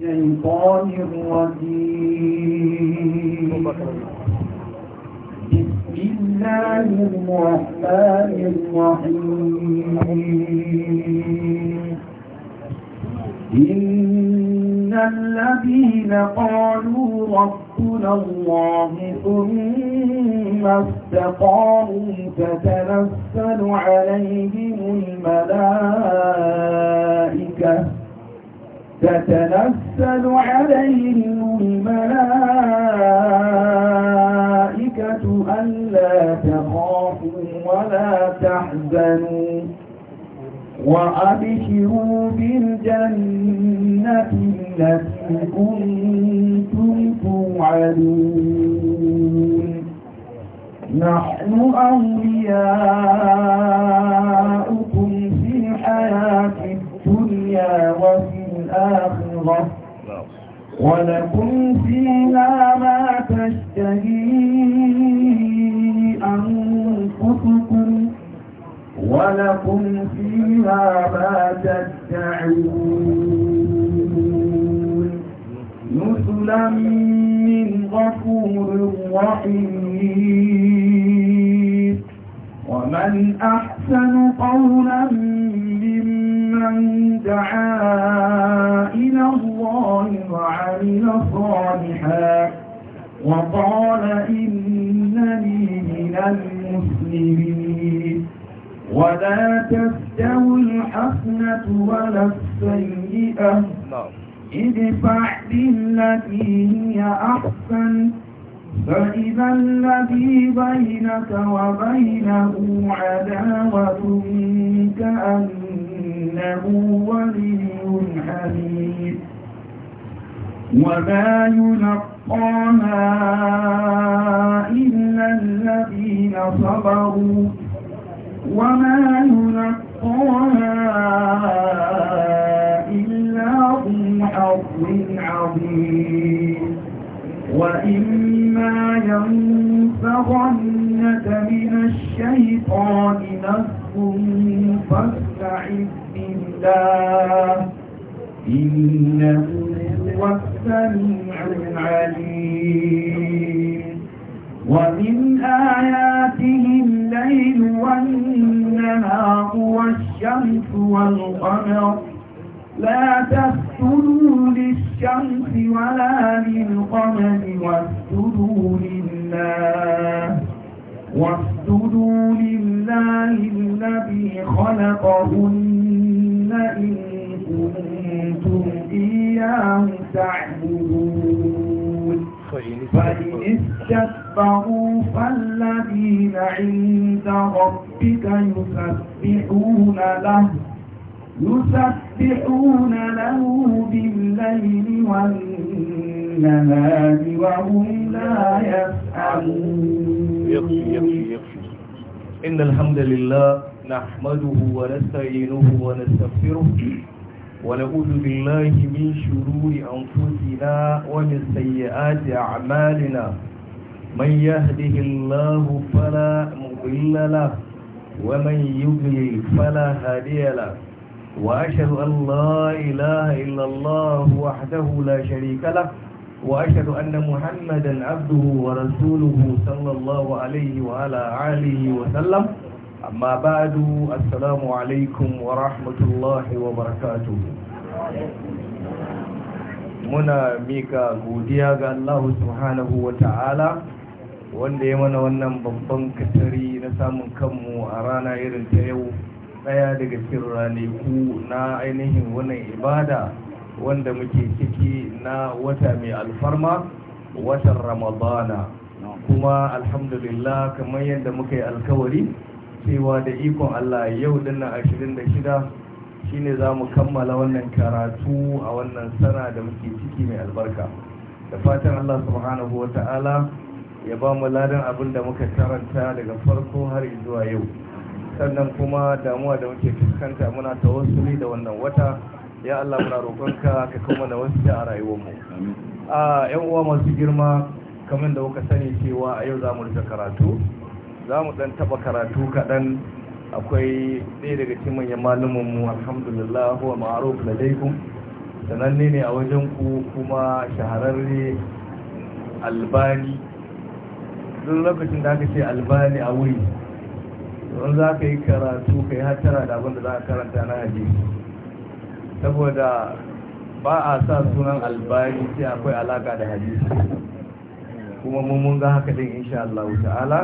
الشيطان الرجيم بسم الله الرحمن الرحيم إن الذين قالوا ربنا الله ثم استقاموا فتنزل عليهم الملائكة تتنزل عليهم الملائكة ألا تخافوا ولا تحزنوا وأبشروا بالجنة التي كنتم توعدون نحن أولياؤكم في الحياة الدنيا وفي الآخرة نعم. ولكم فيها ما تشتهي أنفسكم ولكم فيها ما تدعون نسلا من غفور رحيم ومن أحسن قولا ممن دعا إلى الله وعمل صالحا وقال إنني من المسلمين ولا تستوي الحسنة ولا السيئة نعم. ادفع بالتي هي أحسن فإذا الذي بينك وبينه عداوة كأنه ولي حميد وما يلقاها إلا الذين صبروا وما يلقاها إلا ذو حظ عظيم وإن يسبحون له بالليل والنهار وهم لا يسألون إن الحمد لله نحمده ونستعينه ونستغفره ونعوذ بالله من شرور أنفسنا ومن سيئات أعمالنا من يهده الله فلا مضل له ومن يضلل فلا هادي له وأشهد أن لا إله إلا الله وحده لا شريك له وأشهد أن محمدا عبده ورسوله صلى الله عليه وعلى آله وسلم أما بعد السلام عليكم ورحمة الله وبركاته muna mika godiya ga Allah subhanahu ta'ala wanda ya mana wannan babban katari na samun kanmu a rana irin ta yau daya daga cikin ranaku na ainihin wannan ibada wanda muke ciki na wata mai alfarma watan ramadana kuma alhamdulillah kamar yadda muka yi alkawari cewa da ikon allah yau dinnan shida shine za mu kammala wannan karatu a wannan sana da muke ciki mai albarka da fatan allah subhanahu wa ta'ala ya ba mu ladan abin da muka karanta daga farko har zuwa yau sannan kuma damuwa da muke fuskanta muna wasu da wannan wata ya Allah muna roƙonka ka kuma da wasu a rayuwarmu a yan uwa masu girma kamar da kuka sani cewa a yau za mu karatu za mu dan taba karatu kaɗan akwai ɗaya daga cikin manyan mu alhamdulillah wa ma'aruf ladaykum sananne ne a wajen ku kuma shahararre albani duk lokacin da aka ce albani a wuri don za ka yi karatu ka yi hattara da abinda za a karanta na hadisi saboda ba a sa sunan albani sai akwai alaka da hadisi kuma mun ga haka din insha Allah ta'ala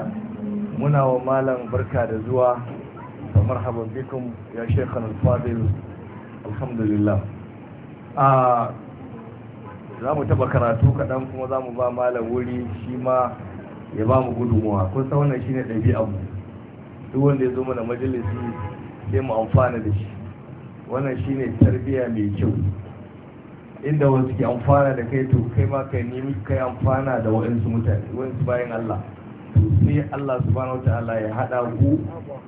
muna wa malam barka da zuwa wa marhaban bikum ya shekhan al alhamdulillah a za mu taba karatu kaɗan kuma za mu ba malam wuri shi ma ya ba mu gudunmuwa kun sa wannan ne ɗabi'a mu duk wanda ya zo mana majalisi sai mu amfana da shi wannan shi ne tarbiyya mai kyau inda wasu ke amfana da kai to kai ma kai nemi kai amfana da waɗansu mutane waɗansu bayan Allah to sai Allah subhanahu ta'ala ya haɗa ku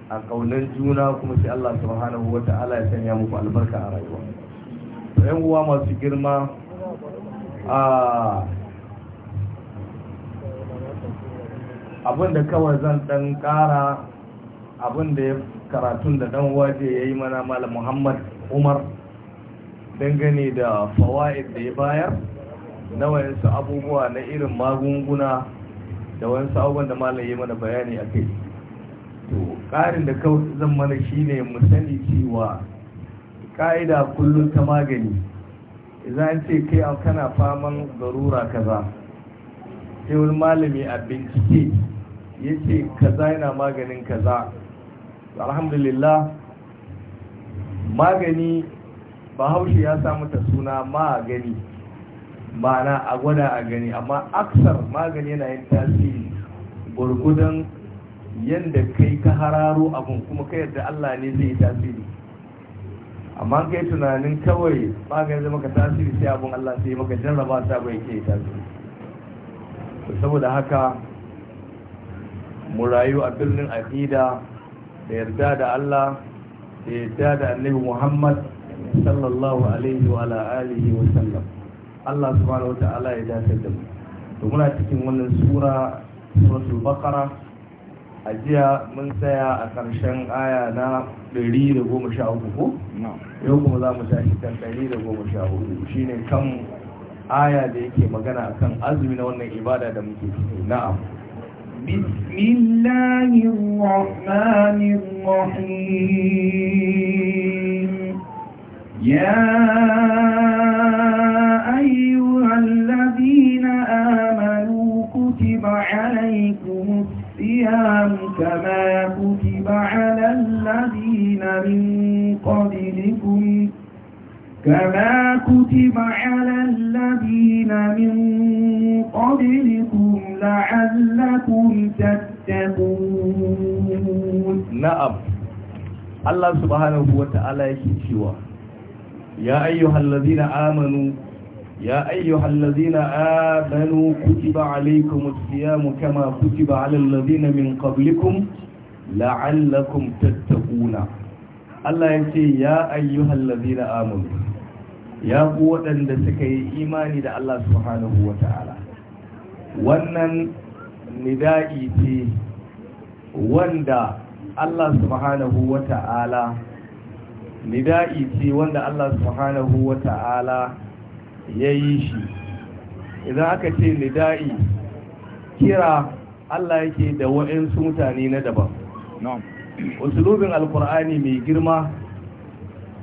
a ƙaunar juna kuma sai Allah subhanahu ta'ala ya sanya muku albarka a rayuwa to yan uwa masu girma a abin da kawai zan ɗan ƙara abin da ya karatun da dan waje ya yi mana malam muhammad umar dangane da fawa'id da ya bayar na wayansu abubuwa na irin magunguna da wayansu abubuwan da malam ya mana bayani a kai to karin da kawai zan mana shine mu sani cewa Ka'ida kullum ta magani idan ce kai an kana faman garura kaza sai wani malami a bincike ya ce kaza yana maganin kaza alhamdulillah magani bahaushe ya samu ta suna magani mana a gwada a gani amma aksar magani yana yin tasiri gurgudan yadda kai ka hararo abin kuma ka yadda allah ne zai yi tasiri amma kai tunanin kawai magani zai maka tasiri sai abun allah sai maka jarraba ta bai ke tasiri saboda haka mu rayu a birnin aƙida da yarda da Allah da yarda da annabi Muhammad sallallahu alaihi wa alihi wa sallam Allah subhanahu wa ta'ala ya dace da mu to muna cikin wannan sura suratul baqara a jiya mun tsaya a ƙarshen aya na 113 ko yau kuma za mu tashi kan 114 shine kan aya da yake magana akan azumi na wannan ibada da muke ciki na'am بسم الله الرحمن الرحيم يا أيها الذين آمنوا كتب عليكم الصيام كما كتب على الذين من قبلكم كما كتب على الذين من قبلكم لعلكم تتقون نعم الله سبحانه وتعالى يكتشوا يا أيها الذين آمنوا يا أيها الذين آمنوا كتب عليكم الصيام كما كتب على الذين من قبلكم لعلكم تتقون Allah ya ce ya ayyuhal ladina amanu ya ku waɗanda suka yi imani da Allah subhanahu wata'ala wannan nida'i ce wanda Allah subhanahu wata'ala nida'i ce wanda Allah subhanahu wata'ala ya yi shi idan aka ce nida'i kira Allah yake da wa'insu mutane na daban usulubin alkur'ani mai girma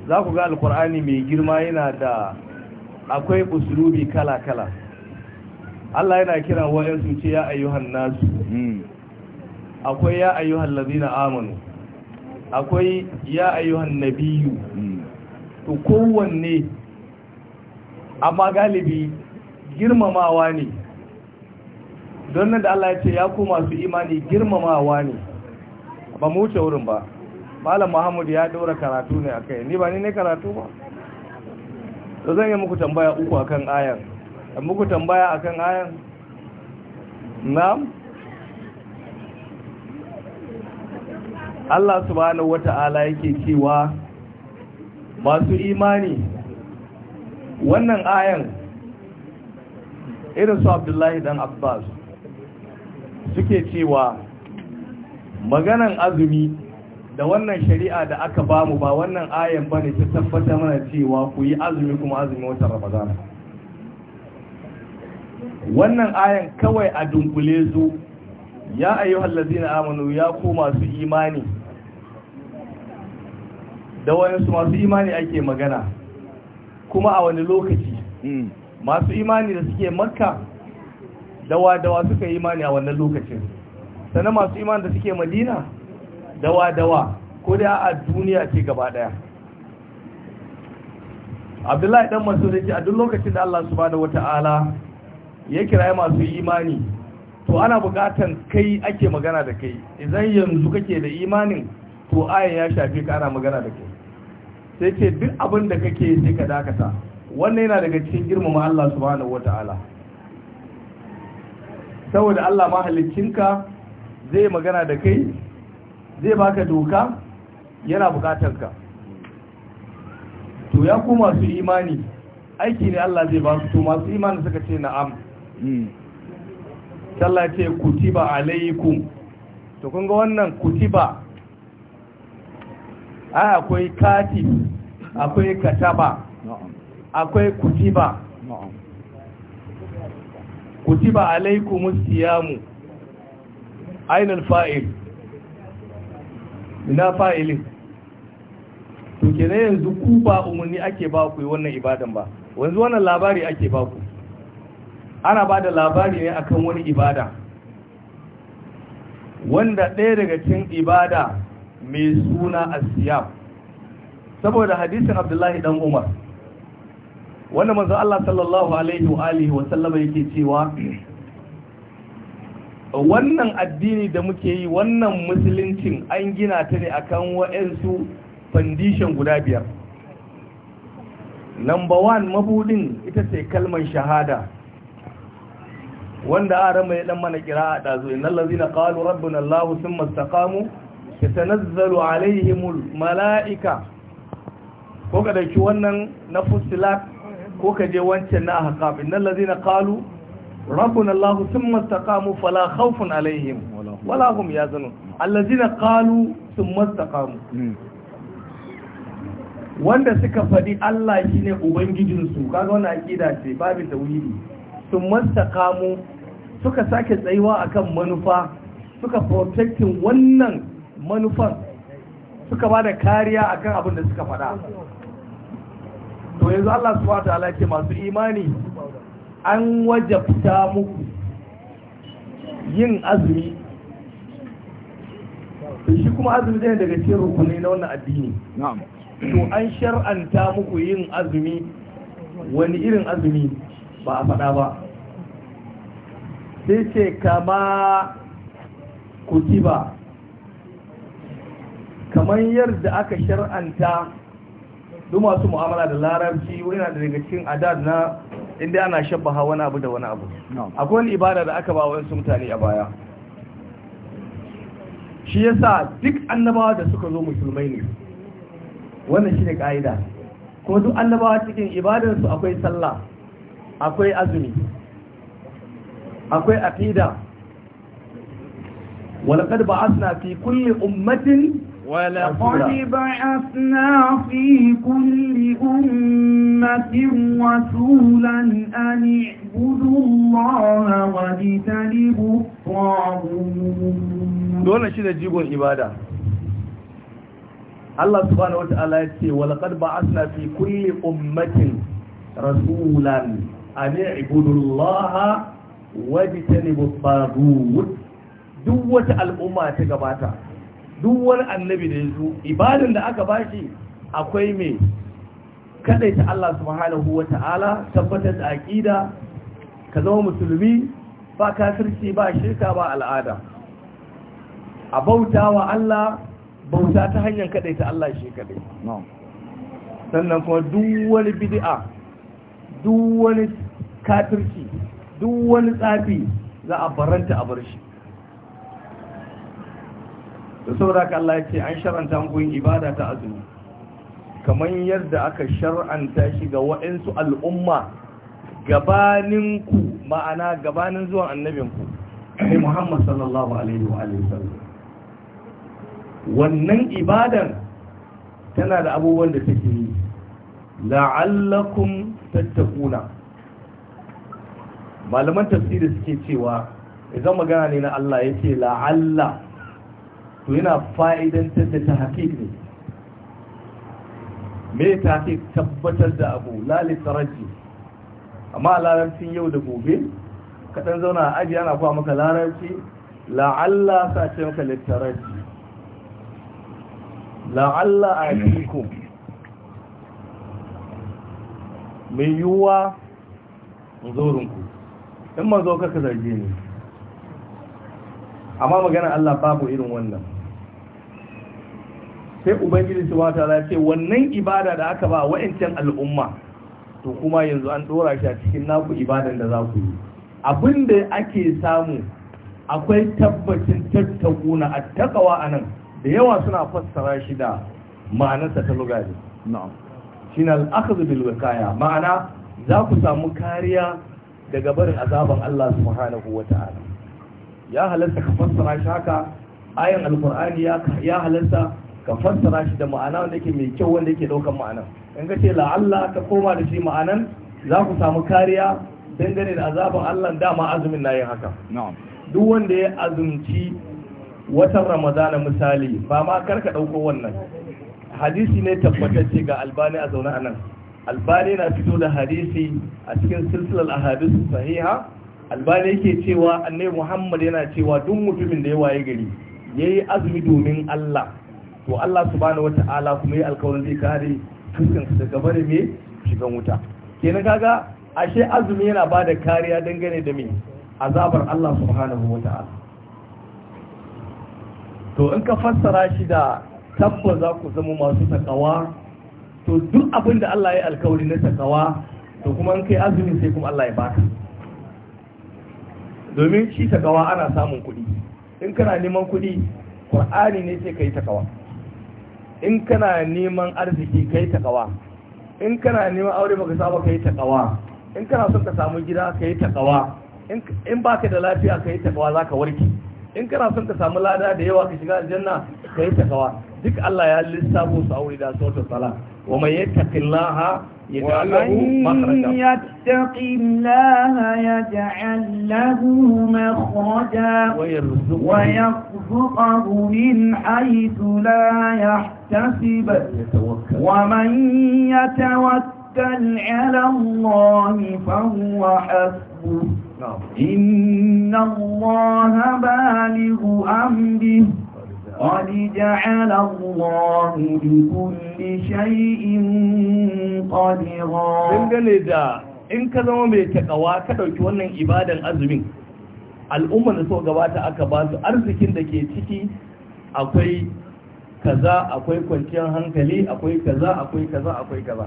za ku ga alkur'ani mai girma yana da akwai usulubi kala-kala Allah yana kiran wa'yansu ce ya ayyuhan nasu hmm. akwai ya ayyuhan lazina amanu akwai ya ayyuhan nabiyu hmm. to kowanne amma galibi girmamawa ne don nan da Allah ya ce ya ku masu imani girmamawa ne ba mu wuce wurin ba malam muhammad ya dora karatu ne a kai ni ba ni ne karatu ba to zan yi muku tambaya uku akan ayan muku tambaya akan ayan na'am Allah subhanahu wata'ala yake cewa masu imani wannan ayan irin su Abdullahi dan Abbas suke cewa maganan azumi da wannan shari'a da aka bamu ba wannan ayan bane ta tabbata mana cewa ku yi azumi kuma azumi wata ramadan wannan ayan kawai a dunkule zu ya ayyuhal ladzina amanu ya ku masu imani da wayansu masu imani ake magana kuma a wani lokaci hmm. masu imani da suke makka dawa dawa suka imani a wannan lokacin sannan masu iman da suke madina dawa-dawa ko da a duniya ce gaba daya abdullahi dan masu da ke a duk lokacin da allah su ba da wata'ala ya kira masu imani to ana bukatan kai ake magana da kai idan yanzu kake da imanin to ayan ya shafi ka ana magana da kai sai ce duk abin da kake sai ka dakata wannan yana daga cikin girmama allah da wata'ala saboda allah mahalicinka zai magana da kai zai baka doka yana bukatar ka to ya ku masu imani aiki ne Allah zai ba su to masu imani suka ce na'am hmm. Allah ce kutiba alaikum to kun ga wannan kutiba ai akwai katib akwai kataba akwai kutiba kutiba alaikumus siyamu aina fa'il ina fa'ilin to kene na yanzu ku ba umarni ake ba ku wannan ibadan ba wanzu wannan labari ake ba ku ana ba da labari ne akan wani ibada wanda ɗaya daga cikin ibada mai suna asiyam saboda hadisin abdullahi dan umar wanda manzo Allah sallallahu alaihi wa alihi wa sallama yake cewa wannan addini da muke yi wannan musuluncin an gina ta ne akan wa'ansu fandishin guda biyar number one mabudin ita ce kalmar shahada wanda a rama ya dan mana kira a ɗazu inna lazina ƙalu rabbin allahu sun mastaƙamu ya tanazzalu alaihimul mala'ika ko ka ɗauki wannan na fusilat ko ka je wancan na haƙaɓin na ƙalu ربنا الله ثم استقاموا فلا خوف alaihim ولا هم يحزنون الذين قالوا ثم استقاموا wanda suka faɗi Allah shine ubangijinsu kaga wannan akida ce babu tauhidi sun istaqamu suka sake tsayuwa akan manufa suka protecting wannan manufan suka ba da kariya akan abin da suka faɗa to yanzu Allah subhanahu wa ta'ala ce masu imani an wajabta muku yin azumi shi kuma azumi zai daga cikin rukunai na wannan addini to an shar'anta muku yin azumi wani irin azumi ba a faɗa ba sai ce kama kutiba kamar yadda aka shar'anta duk masu mu'amala da larabci yana daga cikin adad na inda ana shabbaha wani abu da wani abu akwai wani ibada da aka ba wa wasu mutane a baya shi yasa duk annabawa da suka zo musulmai ne wannan shine ka'ida ko duk annabawa cikin su akwai sallah akwai azumi akwai aqida walaqad ba'athna fi kulli ummatin ولقد بعثنا في كل أمة رسولا أن اعبدوا الله واجتنبوا الطاغوت دولة شيء تجيبوا العبادة Allah subhanahu wata'ala ya ce walaqad ba'athna fi kulli ummatin rasulan an i'budullaha wajtanibut tagut duk wata al'umma ta gabata duk wani annabi da ya zo ibadan da aka bashi akwai mai kadaita Allah subhanahu wa ta'ala tabbatar da aqida ka zama musulmi ba kafirci ba shirka ba al'ada a bauta wa Allah bauta ta hanyar kadaita Allah shi kadai sannan kuma duwar wani bid'a duwar wani kafirci duk tsafi za a baranta a bar shi da saboda ka Allah ya ce an shar'anta muku ibada ta azumi kamar yadda aka shar'anta shi ga waɗansu al'umma gabaninku ma'ana gabanin zuwan annabinku ne Muhammad sallallahu alaihi wa sallam wannan ibadan tana da abubuwan da take yi la'allakum tattakuna malaman tafsiri suke cewa idan magana ne na Allah yace la'alla to yana fa'idantar da ta haƙiƙ ne me ta haƙiƙ tabbatar da abu lalitaraji amma larabcin yau da gobe kaɗan zauna a ajiye ana kuwa maka larabci la'alla sa ce maka littaraji la'alla a cikin mai yiwuwa zorinku in zo kaka zarge ne amma magana Allah babu irin wannan sai ubangiji su wata ya ce wannan ibada da aka ba wa'ancan al'umma to kuma yanzu an ɗora shi a cikin naku ibadan da za ku yi abin ake samu akwai tabbacin tattaku na attakawa a nan da yawa suna fassara shi da ma'anarsa ta lugari shi na al'akazu bilwakaya ma'ana za ku samu kariya daga barin azaban Allah subhanahu wa ta'ala ya halarta ka fassara shi haka ayan alkur'ani ya halarta ka fassara shi da ma'ana wanda yake mai kyau wanda yake ɗaukan ma'ana. in ka ce la'alla ka koma da shi ma'anan za ku samu kariya dangane da azaban Allah dama azumin na yin haka duk wanda ya azumci watan ramadana misali ba ma karka ɗauko wannan hadisi ne tabbatacce ga albani a zaune a nan albani na fito da hadisi a cikin silsilar ahadis sahiha albani yake cewa annabi muhammad yana cewa duk mutumin da ya waye gari yayi azumi domin Allah to Allah subhanahu wata'ala kuma yi alkawarin zai kare fuskan su daga bare me shigan wuta kenan kaga ashe azumi yana ba da kariya dangane da me azabar Allah subhanahu wata'ala to in ka fassara shi da tabbas za ku zama masu takawa to duk abin da Allah ya alkawari na takawa to kuma in kai azumi sai kuma Allah ya baka domin shi takawa ana samun kuɗi in kana neman kuɗi kur'ani ne sai ka yi takawa in kana neman arziki kai takawa in kana neman aure baka saba kai takawa in kana son ka samu gida kai takawa in baka da lafiya kai takawa zaka warke in kana son ka samu lada da yawa ka shiga aljanna ka yi takawa duk Allah ya lissafo su aure da sautar sala wa ya man ya yaj'al lahu makhraja wa man yattaqillaha yaj'al lahu makhraja wa yarzuqhu min haythu la yahtasib wa man yatawakkal 'ala Allah fa huwa hasbuh إن الله بالغ أمره قد جعل الله لكل شيء قدرا dangane da in ka zama mai takawa ka ɗauki wannan ibadan azumin al'ummar da suka gabata aka ba su arzikin da ke ciki akwai kaza akwai kwanciyar hankali akwai kaza akwai kaza akwai kaza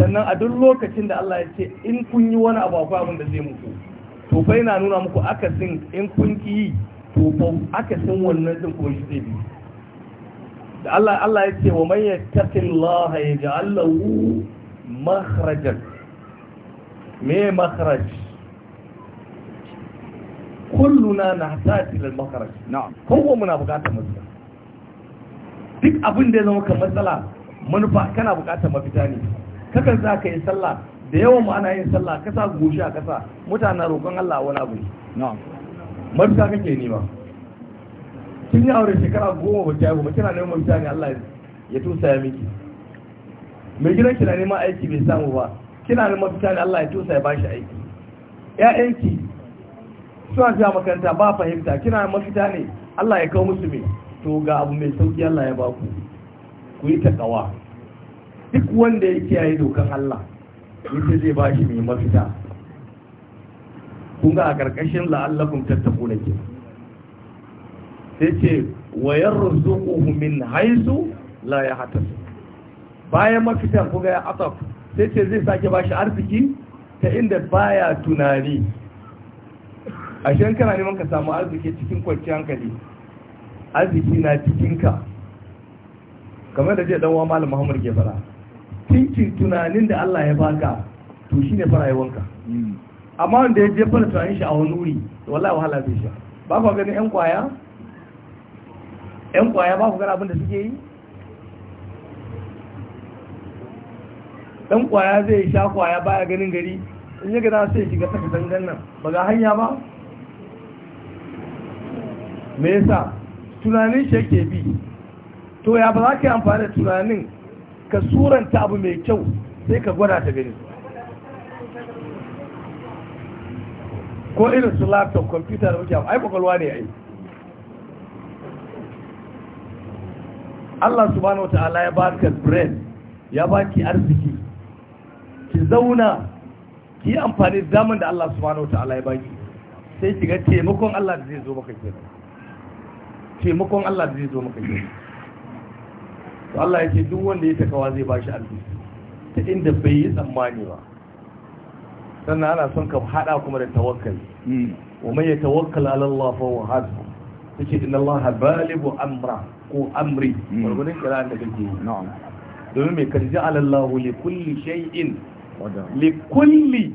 sannan a duk lokacin da Allah ya ce in kun yi wani abu akwai abin da zai muku to fa yana nuna muku akasin in kun ki yi to fa akasin wannan din kuma shi zai bi da Allah Allah ya ce wa man yattaqillaha yaj'al lahu makhrajan me makhraj kulluna nahtaji lil makhraj na'am kowa muna bukatar mafita duk abin da ya zama kan matsala manufa kana bukatar mafita ne kakan za ka yi sallah da yawan mu ana yin sallah kasa goshi a kasa mutanen roƙon Allah wani abu ne mafita kake nema tun yi aure shekara goma ba ta ba kina neman mafita ne Allah ya tusa ya miki mai gidan kina neman aiki bai samu ba kina neman mafita ne Allah ya tusa ya bashi aiki ƴaƴanki suna zuwa makaranta ba fahimta kina mafita ne Allah ya kawo musu mai to ga abu mai sauki Allah ya baku ku yi takawa duk wanda ya yayi dokan Allah ita zai ba shi mai mafita kun a ƙarƙashin la'allakun tattaku na ke sai ce wayar ruzuquhu min haisu la ya hatar. bayan mafitan kun ga ya asaf sai ce zai sake ba shi arziki ta inda baya tunani a shi kana neman ka samu arziki cikin kwanciyar hankali arziki na cikinka kamar da zai ɗanwa malam Muhammadu ke tinki tunanin da Allah ya baka to shine farayewanka amma wanda ya jefar tunanin shi a wani wuri wallahi wahala zai sha ba ku ganin yan kwaya yan kwaya ba ku gani abin da suke yi dan kwaya zai sha kwaya baya ganin gari in ya gada sai shiga saka dangan nan ba ga hanya ba me yasa tunanin shi yake bi to ya ba za ka yi amfani da tunanin ka suranta abu mai kyau sai ka gwada ta gani ko irin su laptop kwamfuta da muke ai kwakwalwa ne ai Allah subhanahu ta'ala ya baka brain ya baki arziki ki zauna ki amfani zaman da Allah subhanahu ta'ala ya baki sai ki ga taimakon Allah da zai zo maka kenan taimakon Allah da zai zo maka kenan to Allah ya ce duk wanda ya takawa zai ba shi albisu ta inda bai yi tsammani ba sannan ana son ka hada kuma da tawakkal hmm. wa ya tawakkal ala Allah fa huwa hasbuh yace inna Allah balibu amra ko amri hmm. gurgurin kira da kake na'am domin mai karji ala Allah li kulli shay'in li kulli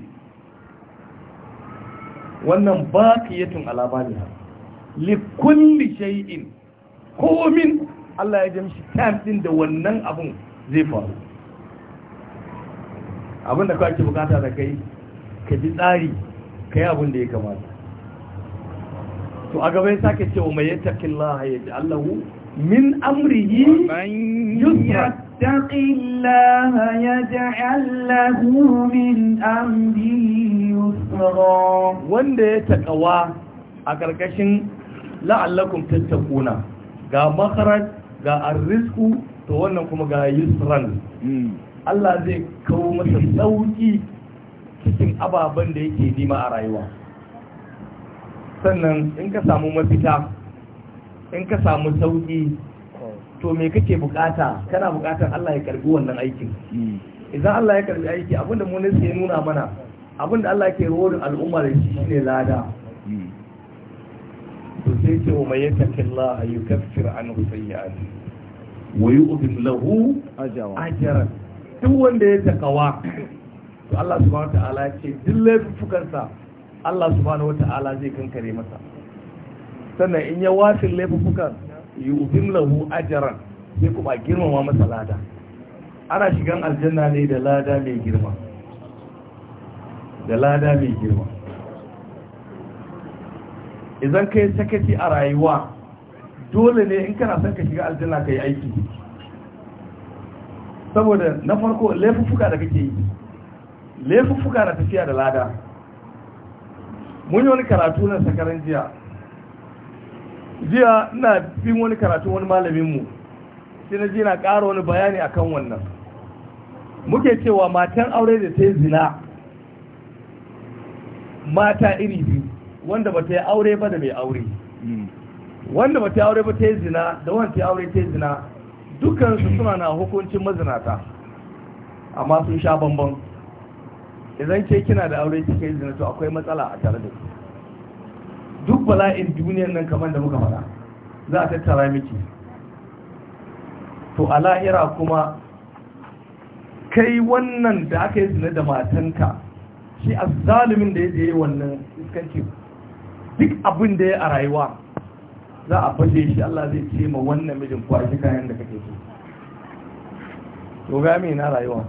wannan baqiyatun ala baliha li kulli shay'in komin Allah ya jamshi time din da wannan abun zai faru abin da kawai ke bukata da kai ka ji tsari ka yi abin da ya kamata to a gaba ya sake cewa mai ji allahu min amrihi yusra يتق ya يجعل له من أمره يسرا وند يتقوى ga arrisku to wannan kuma ga yusran hmm. Allah zai kawo masa sauki cikin ababen da yake nima a rayuwa sannan in ka samu mafita in ka samu sauki to me kake bukata kana bukatar Allah ya karbi wannan aikin hmm. idan Allah ya karbi aiki abinda mu ne sai nuna mana abinda Allah ke rodin al'umma da shi shine lada sai ce wa mai yatakilla a yi kafir an husayyani wa yi ubin lahu ajaran duk wanda ya takawa to Allah subhanahu wata'ala ce duk laifukansa Allah subhanahu ta'ala zai kankare masa sannan in ya wafin laifukan yi ubin lahu ajaran sai kuma girmama masa lada ana shigan aljanna ne da lada mai girma da lada mai girma idan kai sakaci a rayuwa dole ne in kana son ka shiga aljanna kai aiki saboda na farko laifuffuka da kake yi laifuffuka na tafiya da lada mun yi wani karatu na sakarin jiya jiya ina bin wani karatu wani malaminmu sai na ji na ƙara wani bayani akan wannan muke cewa matan aure da ta zina mata iri biyu wanda ba ta yi aure ba da mai aure wanda ba ta yi aure ba ta yi zina da wanda ta yi aure ta yi zina dukansu suna na hukuncin mazinata amma sun sha bambam idan ke kina da aure cikin zina to akwai matsala a tare da duk bala'in duniyar nan kamar da muka fara za a tattara miki to a lahira kuma kai wannan da aka yi zina da matanka shi a zalimin da ya je wannan iskanci duk abin da ya a rayuwa za a fashe shi Allah zai ce ma wannan mijin kwashi kayan da kake so to ga na rayuwa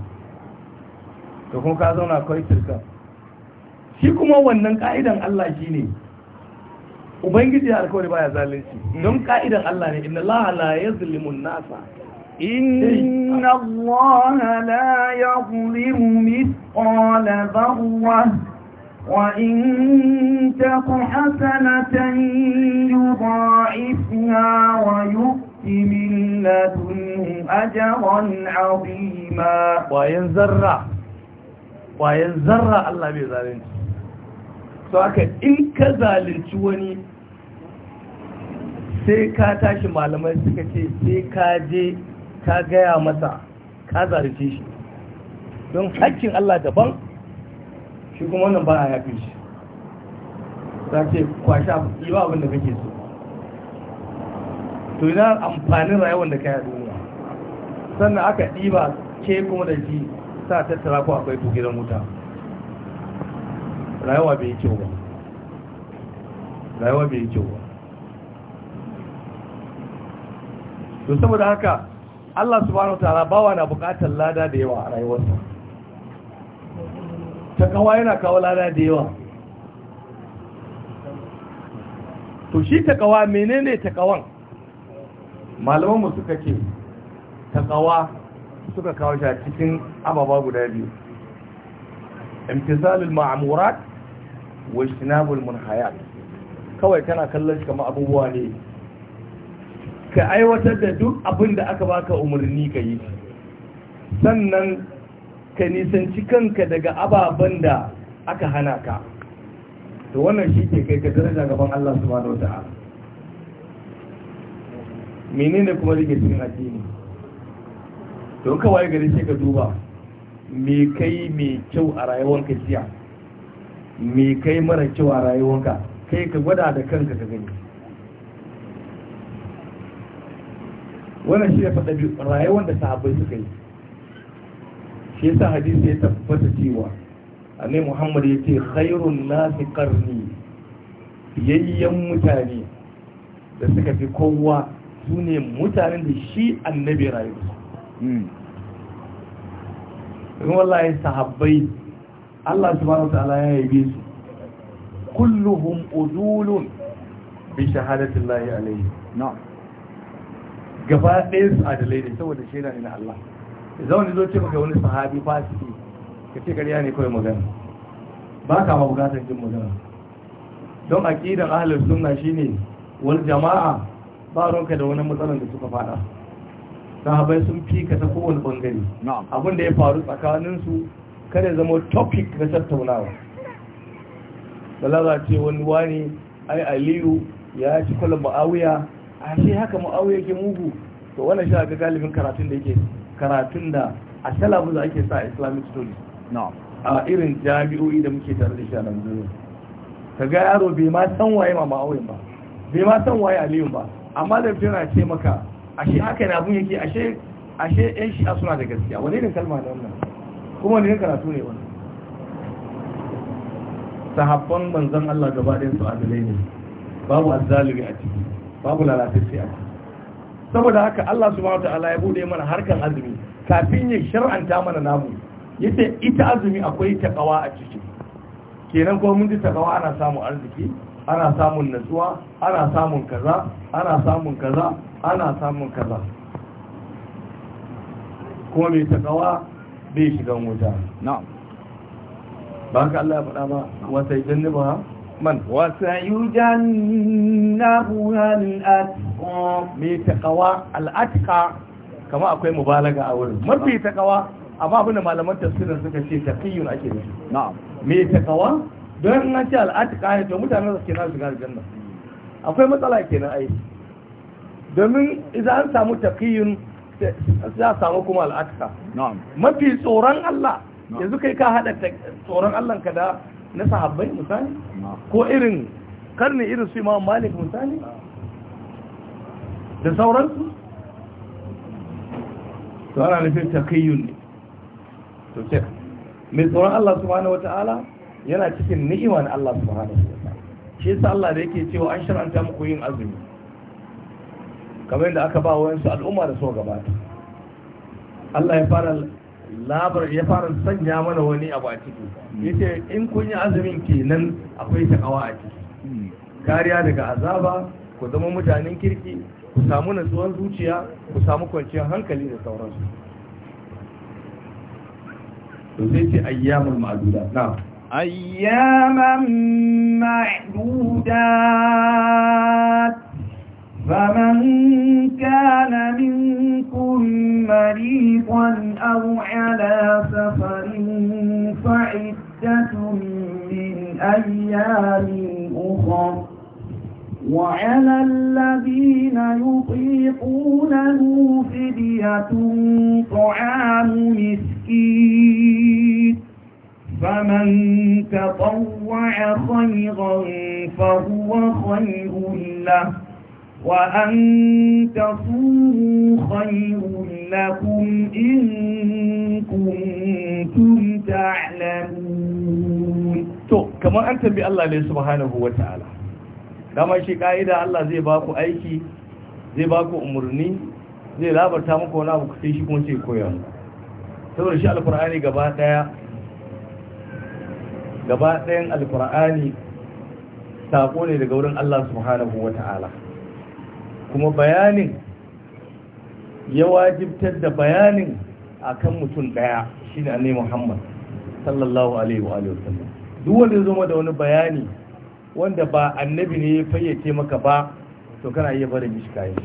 to kuma ka zauna kawai turka shi kuma wannan ka'idan Allah shi ne. ubangiji ya alkawari baya zalunci mm. don ka'idan Allah ne inna Allah la yazlimu nasa inna Allah la yuzlimu mithqala dharrah وإن تك حسنة يضاعفها ويؤت من لدنه أجرا عظيما وإن زرع وإن زرع الله بذلك سواء إن كذلك وني sai ka tashi malamai suka ce sai ka je ka gaya masa ka zarce shi don hakkin Allah daban shi kuma wannan ba a yafe shi za ce kwashe yi ba abinda kake so to yana amfanin rayuwar da ka yi duniya sannan aka ɗiba ke kuma da shi sa tattara ko akwai ku gidan wuta rayuwa bai kyau ba rayuwa bai kyau ba to saboda haka Allah subhanahu wa ta'ala bawa na bukatar lada da yawa a rayuwarsa Ta takawa yana kawo lada da yawa to shi ta takawa menene ta takawan malamanmu suka ce ta takawa suka kawo shi a cikin ababa guda biyu imtisalul ma'amurat wa istinabul munhayat kawai kana kallon shi kamar abubuwa ne ka aiwatar da duk abin da aka baka umarni ka yi sannan ka nisanci kanka daga ababen da aka hana ka to wannan shi ke kai ka daraja gaban Allah subhanahu wa ta'ala menene kuma rike cikin addini to ka waye gari sai ka duba me kai me kyau a rayuwanka jiya me kai mara kyau a ka, kai ka gwada da kanka ka gani wannan shi ne faɗa rayuwar da sahabbai suka yi shi yasa hadisi ya tabbata cewa annabi muhammad ya ce khairun nasi qarni yayyan mutane da suka fi kowa sune mutanen da shi annabi rayu hmm. in wallahi sahabbai Allah subhanahu wataala ya yabe su kulluhum udulun bi shahadati Allah alayhi na'am gaba ɗaya su adalai ne saboda shaida ne na Allah zaune zo ce maka wani sahabi fasiki ka ce ƙarya ne kawai magana ba ka ma bukatar jin magana don aƙidar ahalar sunna shine wal jama'a ba ronka da wani matsalar da suka fada sahabai sun fi ka ta kowane bangare abin da ya faru tsakaninsu kada zama topic na tattaunawa balaga ce wani wani ai aliyu ya ci kwallon ma'awuya a shi haka ma'awuya ke mugu to wannan shi a ga galibin karatun da yake karatun da a talabuza ake sa islamic studies a irin jami'o'i da muke tare da shi a Najeriya ka ga yaro bai ma san waye mama auren ba bai ma san waye aliyu ba amma da tana ce maka ashe haka na abun yake ashe ashe yan shi suna da gaskiya wani irin kalma da wannan kuma ne karatu ne wannan sahabban manzon Allah gaba ɗayan su adalai ne babu azzalimi a ciki babu lalatacce a ciki saboda haka Allah subhanahu ta'ala ya bude mana harkan azumi kafin ya shar'anta mana namu yace ita azumi akwai takawa a ciki kenan ko mun ji takawa ana samun arziki ana samun natsuwa ana samun kaza ana samun kaza ana samun kaza kuma mai takawa bai shiga wuta na'am ba ka Allah ya faɗa ba wata janniba من وسيجنبها الأتقى مي تقوى الأتقى كما أكوي مبالغة أول من في تقوى أما أبنى ما لم تفسير سكشي تقي أكيد نعم مي تقوى don na ce al'atika ne to mutane ke na shiga aljanna akwai matsala kenan ai domin idan samu taqiyun za samu kuma al'atika mafi tsoron Allah yanzu kai ka hada tsoron Allah ka na sahabbai misali ko irin karni irin su imam malik misali da sauransu to ana nufin taqiyun ne to ce mai tsoron Allah subhanahu ta'ala yana cikin ni'ima na Allah subhanahu ta'ala shi yasa Allah da yake cewa an shar'anta muku yin azumi kamar yadda aka ba wa yansu al'umma da so gabata Allah ya fara labar ya fara sanya mana wani abu a ciki yace in kun yi azumin kenan akwai shakawa a ciki kariya daga azaba ku zama mutanen kirki ku samu nutsuwar zuciya ku samu kwanciyar hankali da sauransu to sai ce ayyamul ma'duda na ayyaman ma'dudat فمن كان منكم مريضا أو على سفر فعدة من أيام أخر وعلى الذين يطيقونه فدية طعام مسكين فمن تطوع خيرا فهو خير له وأن تصوموا خير لكم إن كنتم تعلمون to kamar an tambi Allah ne subhanahu wataala dama shi kaida Allah zai baku aiki zai ba umarni zai labarta muku wani abu sai shi kuma sai koyar saboda shi alqur'ani gaba daya gaba dayan alqur'ani sako ne daga wurin Allah subhanahu wataala kuma bayanin ya wajibtar da bayanin akan mutum daya shine annabi Muhammad sallallahu alaihi wa alaihi duk wanda zoma da wani bayani wanda ba annabi ne ya fayyace maka ba to kana iya barin shi kayan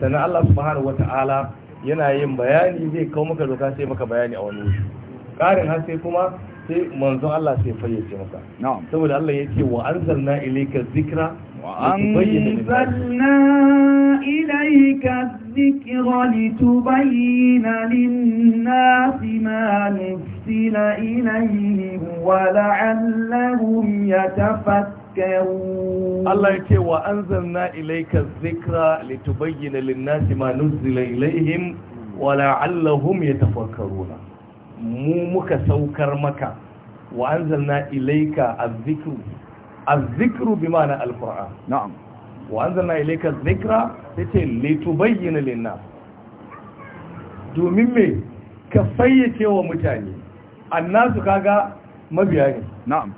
sannan Allah subhanahu Ta'ala yana yin bayani zai kawo maka doka sai maka bayani a wani wuri karin har sai kuma sai manzon Allah sai fayyace maka saboda Allah ya ce wa na ilayka zikra وأنزلنا إليك الذكر لتبين للناس ما نفسل إليهم ولعلهم يتفكرون الله يكي وأنزلنا إليك الذكر لتبين للناس ما نزل إليهم ولعلهم يتفكرون مو مك سوكر مك وأنزلنا إليك الذكر الذكر بمعنى القرآن نعم وأنزلنا إليك الذكرى لتبين للناس domin me ka fayyace wa mutane annasu kaga mabiya ne na'am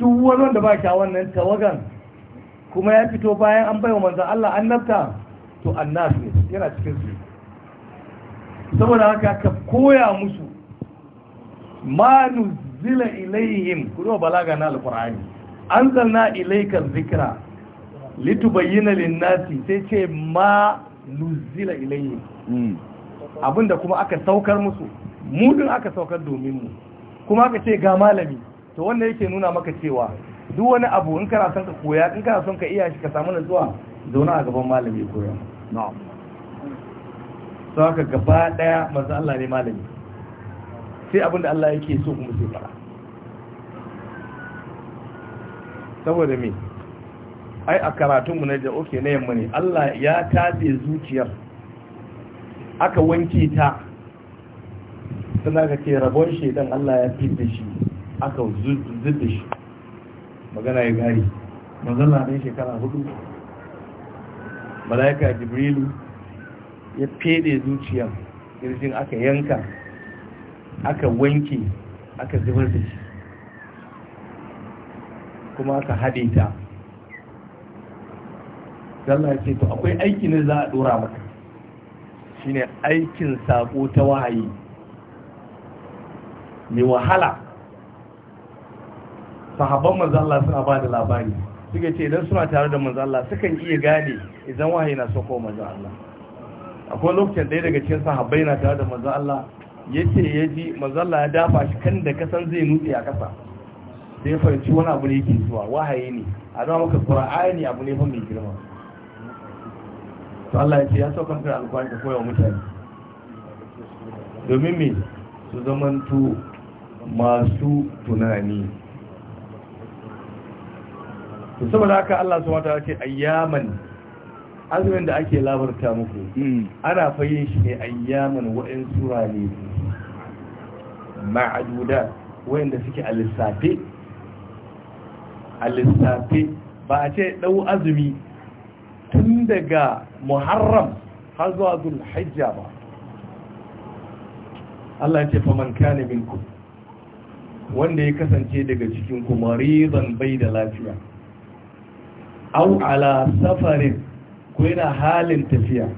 duk wani wanda ba ka wannan tawagan kuma ya fito bayan an wa manzon Allah annabta to annasu yana cikin su saboda haka ka koya musu ma nuzila ilaihim kuma balaga na alqur'ani an zanna ilaikar zikira litubayyana linnati sai ce ma nuzila ilayhi abinda kuma aka saukar musu mudin aka saukar domin mu kuma aka ce ga malami to wanda yake nuna maka cewa duk wani abu in kana son ka koya in kana son ka iya shi ka samu nutsuwa zauna a gaban malami koya na'am sai aka gaba daya manzo Allah ne malami sai abinda Allah yake so kuma sai fara saboda me ai a karatunmu na da oke na yamma ne Allah ya tace zuciyar aka wanke ta suna ka ce rabon shaidan Allah ya fi da shi aka zudda shi magana ya gari magana ɗin shekara hudu malaika jibrilu ya fede zuciyar kirjin aka yanka aka wanke aka zubar da shi kuma ka haɗe ta zama ya ce to akwai aiki ne za a ɗora maka shine aikin saƙo ta wahayi mai wahala sahabban manzalla suna ba da labari suka ce idan suna tare da manzalla sukan iya gane idan wahayi na sako manzalla akwai lokacin ɗaya daga cikin sahabbai na tare da manzalla ya ce ya ji manzalla ya dafa shi kan da kasan zai nutse a ƙasa sai ya fahimci wani abu ne yake zuwa wahayi ne a zama maka qur'ani abu ne fa mai girma to Allah ya ce ya sauka da alƙur'ani ka koya mutane domin me su zamantu masu tunani to saboda haka Allah subhanahu wata ce ayyaman azumin da ake labarta muku hmm. ana fayin shi ne ayyaman wa'in surare ma'aduda wa'inda suke a lissafe a lissafe ba a ce ɗau azumi tun daga muharram har zuwa ba Allah ce faman kane minku wanda ya kasance daga cikin kumaridan bai da lafiya au ala safarin ko yana halin tafiya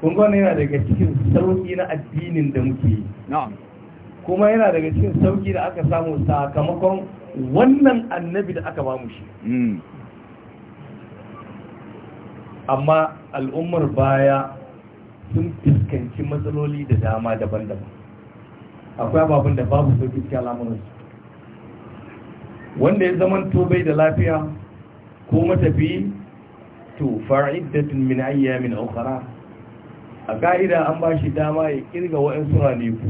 kun yana daga cikin sauƙi na addinin da muke yi kuma yana daga cikin sauƙi da aka samu sakamakon wannan annabi da aka bamu shi hmm. amma al'ummar baya sun fuskanci matsaloli da dama daban-daban akwai ababen da babu sauki cikin al'amuransu wanda ya zama tobai da lafiya ko matafi to fa'iddatun min ayyamin ukhra a ga'ida an ba shi dama ya kirga wa'in su raneku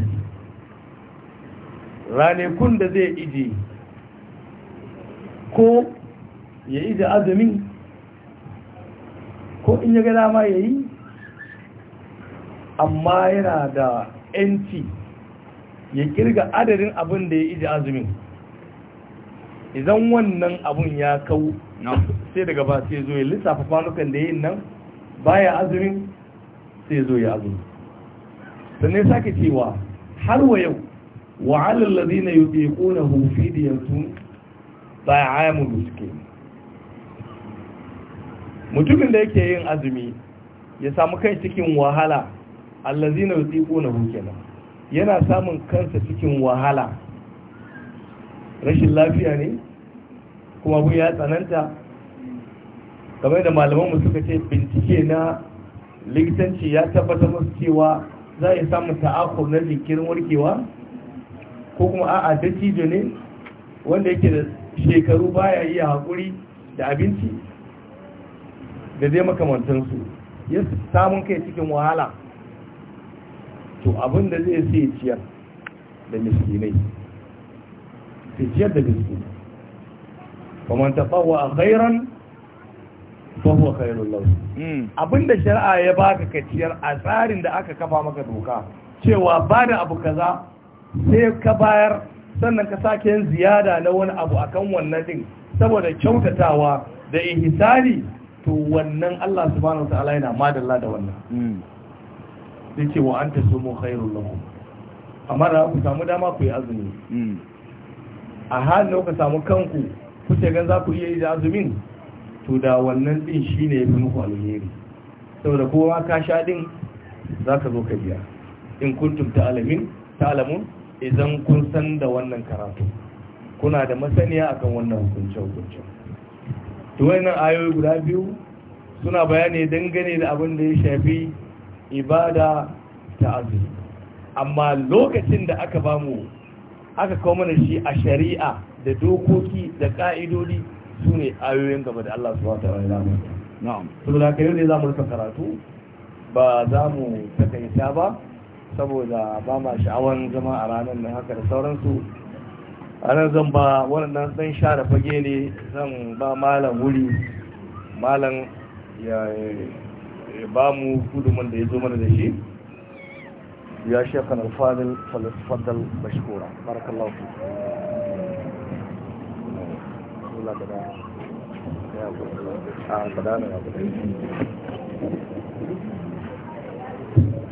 ranekun da zai iji. ko ya yi da azumin ko in ya ga dama ya yi amma yana da 'yanci ya kirga adadin abin da ya yi da azumin idan wannan abun ya kawo sai daga ba sai zo ya lissafa kwanukan da yin nan baya azumin sai zo ya azumi sannan ya sake cewa har wa yau wa kona hufi da yanzu? ta'amu miskin mutumin da yake yin azumi ya samu kai cikin wahala allazina yusiquna kenan yana samun kansa cikin wahala rashin lafiya ne kuma abu ya tsananta kamar da malamanmu suka ce bincike na likitanci ya tabbatar musu cewa za a samun ta'akur na jinkirin warkewa ko kuma a'a dattijo ne wanda yake da shekaru baya iya haƙuri da abinci da zai makamantansu ya samun kai cikin wahala to abin da zai sai ciyar da miskinai sai ciyar da miskinai kuma ta tsawo a khairan fahuwa khairun lausu hmm. abin da shari'a ya baka ka kaciyar a tsarin da aka kafa maka doka cewa ba da abu kaza sai ka bayar sannan ka sake yin ziyada na wani abu akan wannan din saboda kyautatawa da hisari, to wannan Allah subhanahu wataala yana madalla da wannan yace hmm. wa anta sumu khairul lakum amma da ku samu dama ku yi azumi hmm. a halin da samu kanku ce gan za ku iya yi da azumin to da wannan din shine ya fi muku alheri saboda kowa ka sha din za ka zo ka biya in kuntum ta'alamin ta'alamun idan kun san da wannan karatu kuna da masaniya akan wannan hukunce-hukuncen tuwannan ayoyi guda biyu suna bayani dangane da abin da ya shafi ibada ta azumi amma lokacin da aka bamu aka kawo mana shi a shari'a da dokoki da ka'idodi su ne ayoyin gaba da Allah su wata wani na'am su da kayo ne za mu rufe karatu ba za mu takaita ba saboda ba ma sha'awar zama a ranar nan haka da sauransu a nan zan ba waɗannan ɗan da fage ne zan ba malam wuri malam ya ba mu gudumin da ya zo mana da shi ya shekar alfadil falisfadal bashkura barakallahu a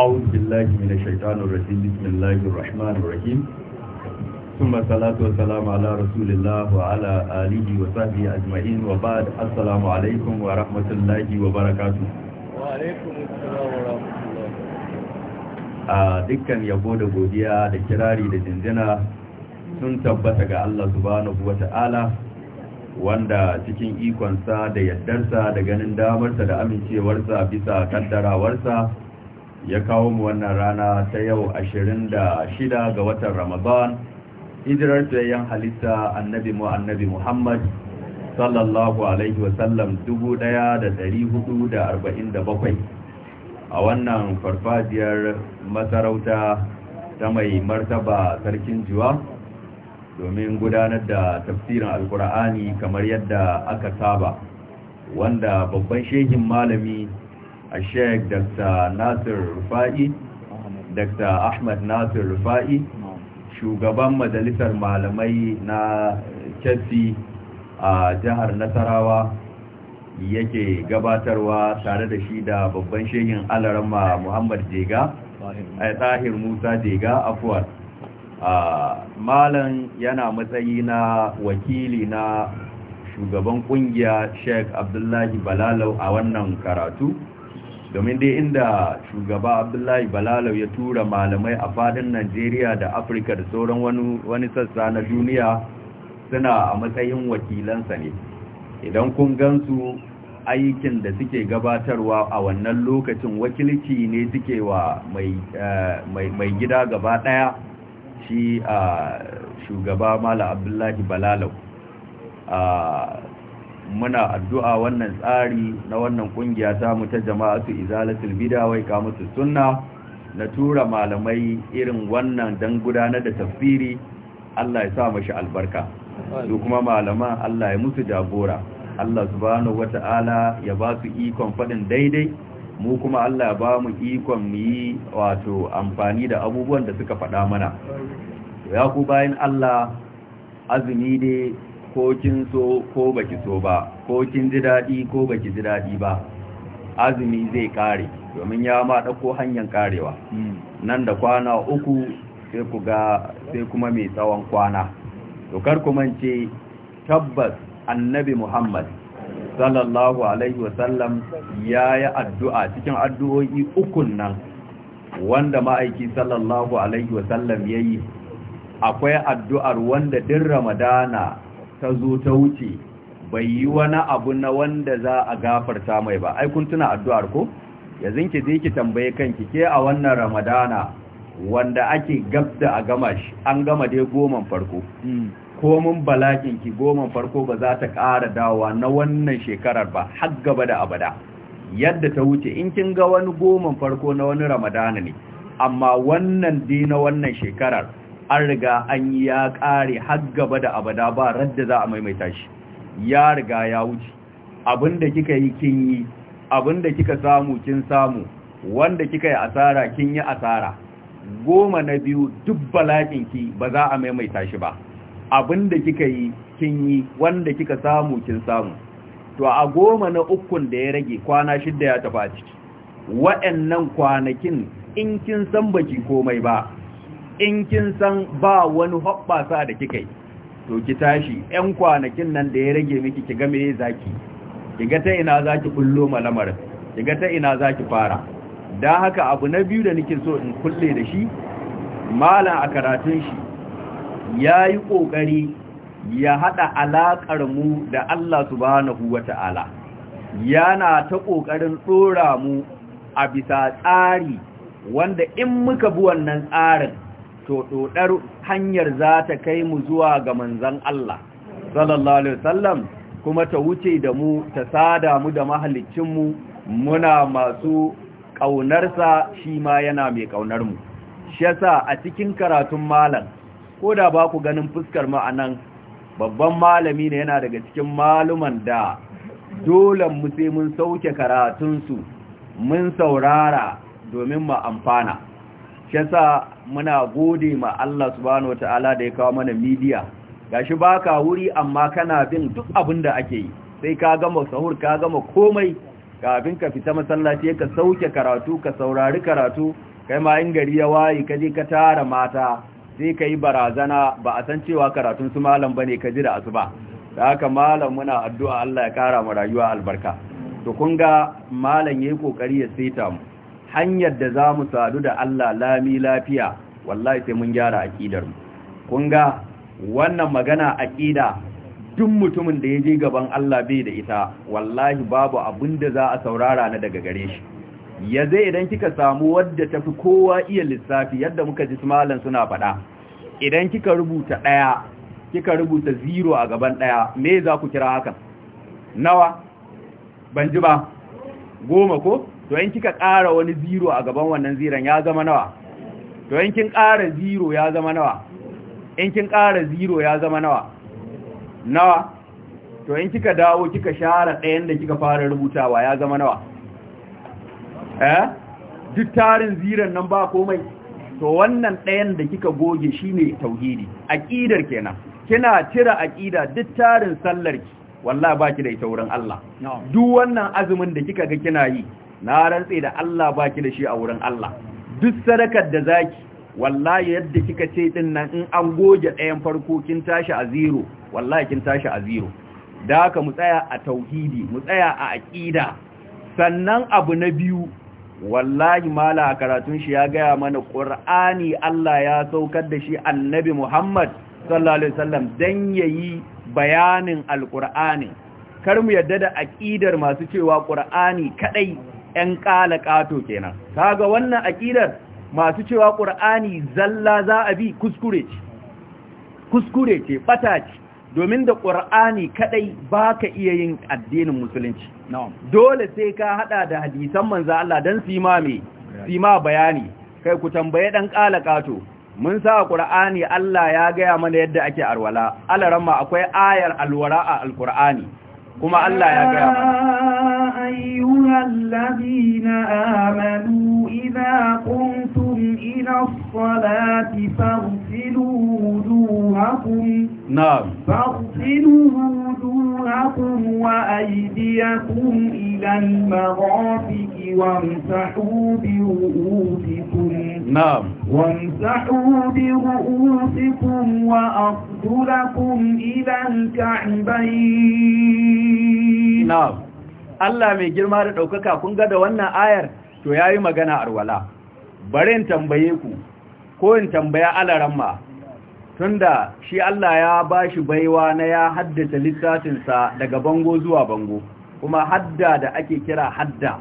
أعوذ بالله من الشيطان الرجيم بسم الله الرحمن الرحيم ثم الصلاة والسلام على رسول الله وعلى آله وصحبه أجمعين وبعد السلام عليكم ورحمة الله وبركاته وعليكم السلام ورحمة الله آه dukkan يبود بوديا دكراري da kirari da الله سبحانه وتعالى wanda cikin ikonsa da yaddarsa da ganin damarsa da amincewarsa bisa kaddarawarsa ya kawo mu wannan rana ta yau 26 ga watan Ramadan hijirar yan halitta annabi mu annabi Muhammad sallallahu alaihi wasallam 1447 a wannan farfajiyar masarauta ta mai martaba sarkin jiwa domin gudanar da tafsirin alkur'ani kamar yadda aka saba wanda babban shehin malami a دكتور dr nasir rufa'i dr ahmad nasir rufa'i shugaban majalisar malamai na جهر a jihar nasarawa yake gabatarwa tare da shi da babban shehin alarama muhammad jega a eh, tsahir musa jega afuwar malam yana matsayi na wakili na shugaban kungiya sheik abdullahi balalau a wannan karatu domin dai inda shugaba abdullahi balalau ya tura malamai a fadin najeriya da afirka da sauran wani sassa na duniya suna a matsayin wakilansa ne idan kun gansu aikin da suke gabatarwa a wannan lokacin wakilci ne suke wa mai eh, gida gaba daya shi ah, shugaba malamai abdullahi balalau ah, muna addu'a wannan tsari na wannan kungiya ta mu ta jama'atu izalatul bid'a wai kamusu sunna na tura malamai irin wannan dan gudanar da tafsiri Allah ya sa mashi albarka su kuma malaman Allah ya musu jagora Allah subhanahu wata'ala ya ba su ikon faɗin daidai mu kuma Allah ya ba mu ikon mu yi wato amfani da abubuwan da suka faɗa mana ya ku bayan Allah azumi dai ko kin so ko baki so ba ko kin ji daɗi ko baki ji daɗi ba azumi zai kare domin ya ma ɗauko hanyar karewa nan da kwana uku sai ku ga sai kuma mai tsawon kwana to kar ku mance tabbas annabi muhammad sallallahu alaihi wasallam ya yi addu'a cikin addu'o'i ukun nan wanda ma'aiki sallallahu alaihi wasallam ya yi akwai addu'ar wanda din ramadana ta zo ta wuce bai yi wani abu na wanda za a gafarta mai ba ai kun tuna addu'ar ko yanzu ki je ki tambaye kanki ke a wannan ramadana wanda ake gabda a gama shi an gama dai goman farko hmm. komin bala'in ki goman farko ba za ta ƙara dawowa na wannan shekarar ba har gaba da abada yadda ta wuce in kin ga wani goman farko na wani ramadana ne amma wannan dai na wannan shekarar an riga an yi ya ƙare har gaba da abada ba radda za a maimaita shi ya riga ya wuce abinda kika yi kin yi abinda kika samu kin samu wanda kika yi asara kin yi asara goma na biyu duk bala'in ki ba za a maimaita shi ba abinda kika yi kin yi wanda kika samu kin samu to a goma na ukun da ya rage kwana shida ya tafi a ciki wa'annan kwanakin in kin san baki komai ba in kin san ba wani hoɓɓasa da kika yi to ki tashi 'yan kwanakin nan da ya rage miki ki ga me zaki ki ga ta ina zaki kullo malamar ki ga ta ina zaki fara dan haka abu na biyu da nake so in kulle da shi malam a karatun shi yayi ƙoƙari ya haɗa alaƙar mu da Allah subhanahu ta'ala, yana ta ƙoƙarin dora mu a bisa tsari wanda in muka bi wannan tsarin to dodar hanyar za ta kai mu zuwa ga manzon Allah sallallahu alaihi wasallam kuma ta wuce da mu ta sada mu da mahallicin mu muna masu ƙaunarsa shi ma yana mai ƙaunar mu shi yasa a cikin karatun malam ko da ba ku ganin fuskar mu anan babban malami ne yana daga cikin maluman da dole mu sai mun sauke karatun su mun saurara domin mu amfana shi muna gode ma Allah subhanahu wataala da ya kawo mana media gashi baka wuri amma kana bin duk abin da ake yi sai ka gama sahur ka gama komai kafin ka fita masallaci ka sauke karatu ka saurari karatu kai ma in gari ya wayi ka je ka tara mata sai ka yi barazana ba a san cewa karatun su malam bane ka ji da asuba da haka malam muna addu'a Allah ya kara mu rayuwa albarka to kun ga malam yayi kokari ya saita mu hanyar da za mu sadu da Allah lami lafiya wallahi sai mun gyara mu. kun ga wannan magana aƙida duk mutumin da ya je gaban Allah bai da ita wallahi babu abin da za a saurara na daga gare shi ya zai idan kika samu wadda tafi kowa iya lissafi yadda muka ji malam suna faɗa idan kika rubuta ɗaya kika rubuta zero a gaban ɗaya me za ku kira hakan nawa ban ji ba goma ko to in kika ƙara wani zero a gaban wannan ziran ya zama nawa to in kin ƙara zero ya zama nawa in kin ƙara zero ya zama nawa nawa to in kika dawo kika share ɗayan da kika fara rubutawa ya zama nawa eh duk tarin ziran nan ba komai to wannan ɗayan da kika goge shine tauhidi aqidar kenan kina cira aqida duk tarin sallar sallarki wallahi baki da ita wurin Allah duk wannan azumin da kika ga kina yi na rantse da Allah baki da shi a wurin Allah duk sadakar da zaki wallahi yadda kika ce din nan in an goge ɗayan farko kin tashi a zero wallahi kin tashi a zero da haka mu tsaya a tauhidi mu tsaya a aqida sannan abu na biyu wallahi mala a karatun shi ya gaya mana ƙur'ani Allah ya saukar da shi annabi Muhammad sallallahu alaihi wasallam dan yayi bayanin alƙur'ani kar mu yadda da aqidar masu cewa ƙur'ani kadai ‘yan ƙala ƙato kenan ga wannan aƙidar masu cewa ƙur'ani zalla za a bi kuskure ce kuskure ce ɓata ce domin da ƙur'ani kaɗai ba ka iya yin addinin musulunci dole sai ka haɗa da hadisan manza Allah don sima mai sima bayani kai ku tambaye ɗan ƙala ƙato mun sa ƙur'ani Allah ya gaya mana yadda ake alwala. alaramma akwai ayar alwara a alƙur'ani كما الله يا يا أيها الذين آمنوا إذا قمتم إلى الصلاة فاغسلوا وجوهكم نعم فاغسلوا وجوهكم وأيديكم إلى المرافق وامسحوا برؤوسكم نعم وامسحوا برؤوسكم وأرجلكم إلى الكعبين Na’am, Allah mai girma da ɗaukaka kun ga da wannan ayar to yayi magana arwala Bari in tambaye ku ko in tambaya alaramma tunda shi Allah ya ba shi baiwa na ya haddata littafin daga bango zuwa bango kuma hadda da ake kira hadda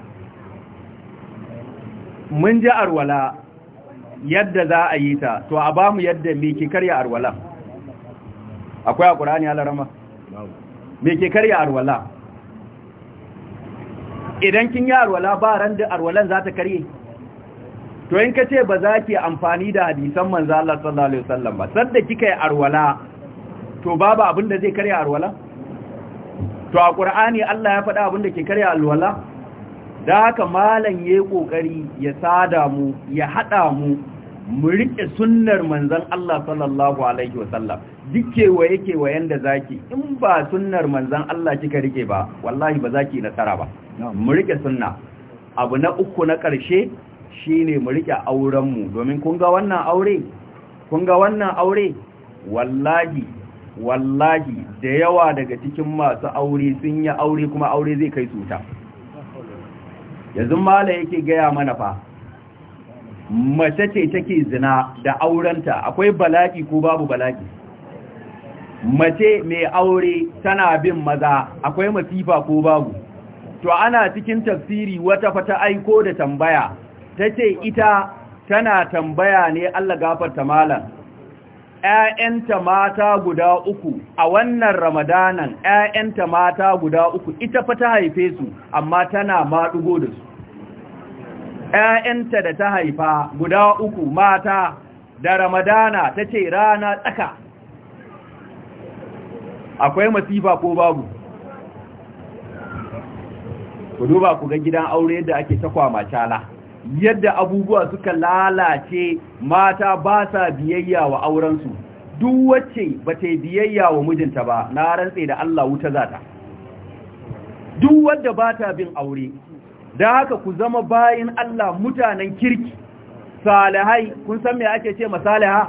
mun ji arwala yadda za a yi ta to a ba mu yadda me ke karya arwala. akwai a alarama? me ke karya arwala idan kin yi arwala ba ran da arwalan za ta karye to in ka ce ba za ki amfani da hadisan manzo Allah sallallahu alaihi wasallam ba sanda kika yi arwala to babu abin da zai karya arwala to a qur'ani Allah ya faɗa abin da ke karya arwala? da haka malam yayi kokari ya sada mu ya hada mu mu rike sunnar manzon Allah sallallahu alaihi wasallam duk kewaye wa da zaki in ba sunnar manzan Allah kika rike ba wallahi ba zaki nasara ba mu rike sunna abu na uku na ƙarshe shine mu rike auren mu domin kun ga wannan aure kun ga wannan aure wallahi wallahi da yawa daga cikin masu aure sun yi aure kuma aure zai kai su yanzu mala yake gaya mana fa mace ce take zina da aurenta akwai bala'i ko babu bala'i mace mai aure tana bin maza akwai masifa ko babu to ana cikin tafsiri wata fata aiko da tambaya tace ita tana tambaya ne Allah gafarta malam ‘ya'yanta mata guda uku a wannan ramadanan ‘ya'yanta mata guda uku ita fa ta haife su amma tana maɗugo da su ‘ya'yanta da ta haifa guda uku mata da ramadana ta ce rana tsaka akwai masifa ko babu ku duba ku ga gidan aure yadda ake ta cala yadda abubuwa suka lalace mata ba sa biyayya wa aurensu duk wacce ba ta biyayya wa mijinta ba na rantse da Allah wuta za ta duk wadda ba ta bin aure da haka ku zama bayin Allah mutanen kirki salihai kun san me ake ce masaliha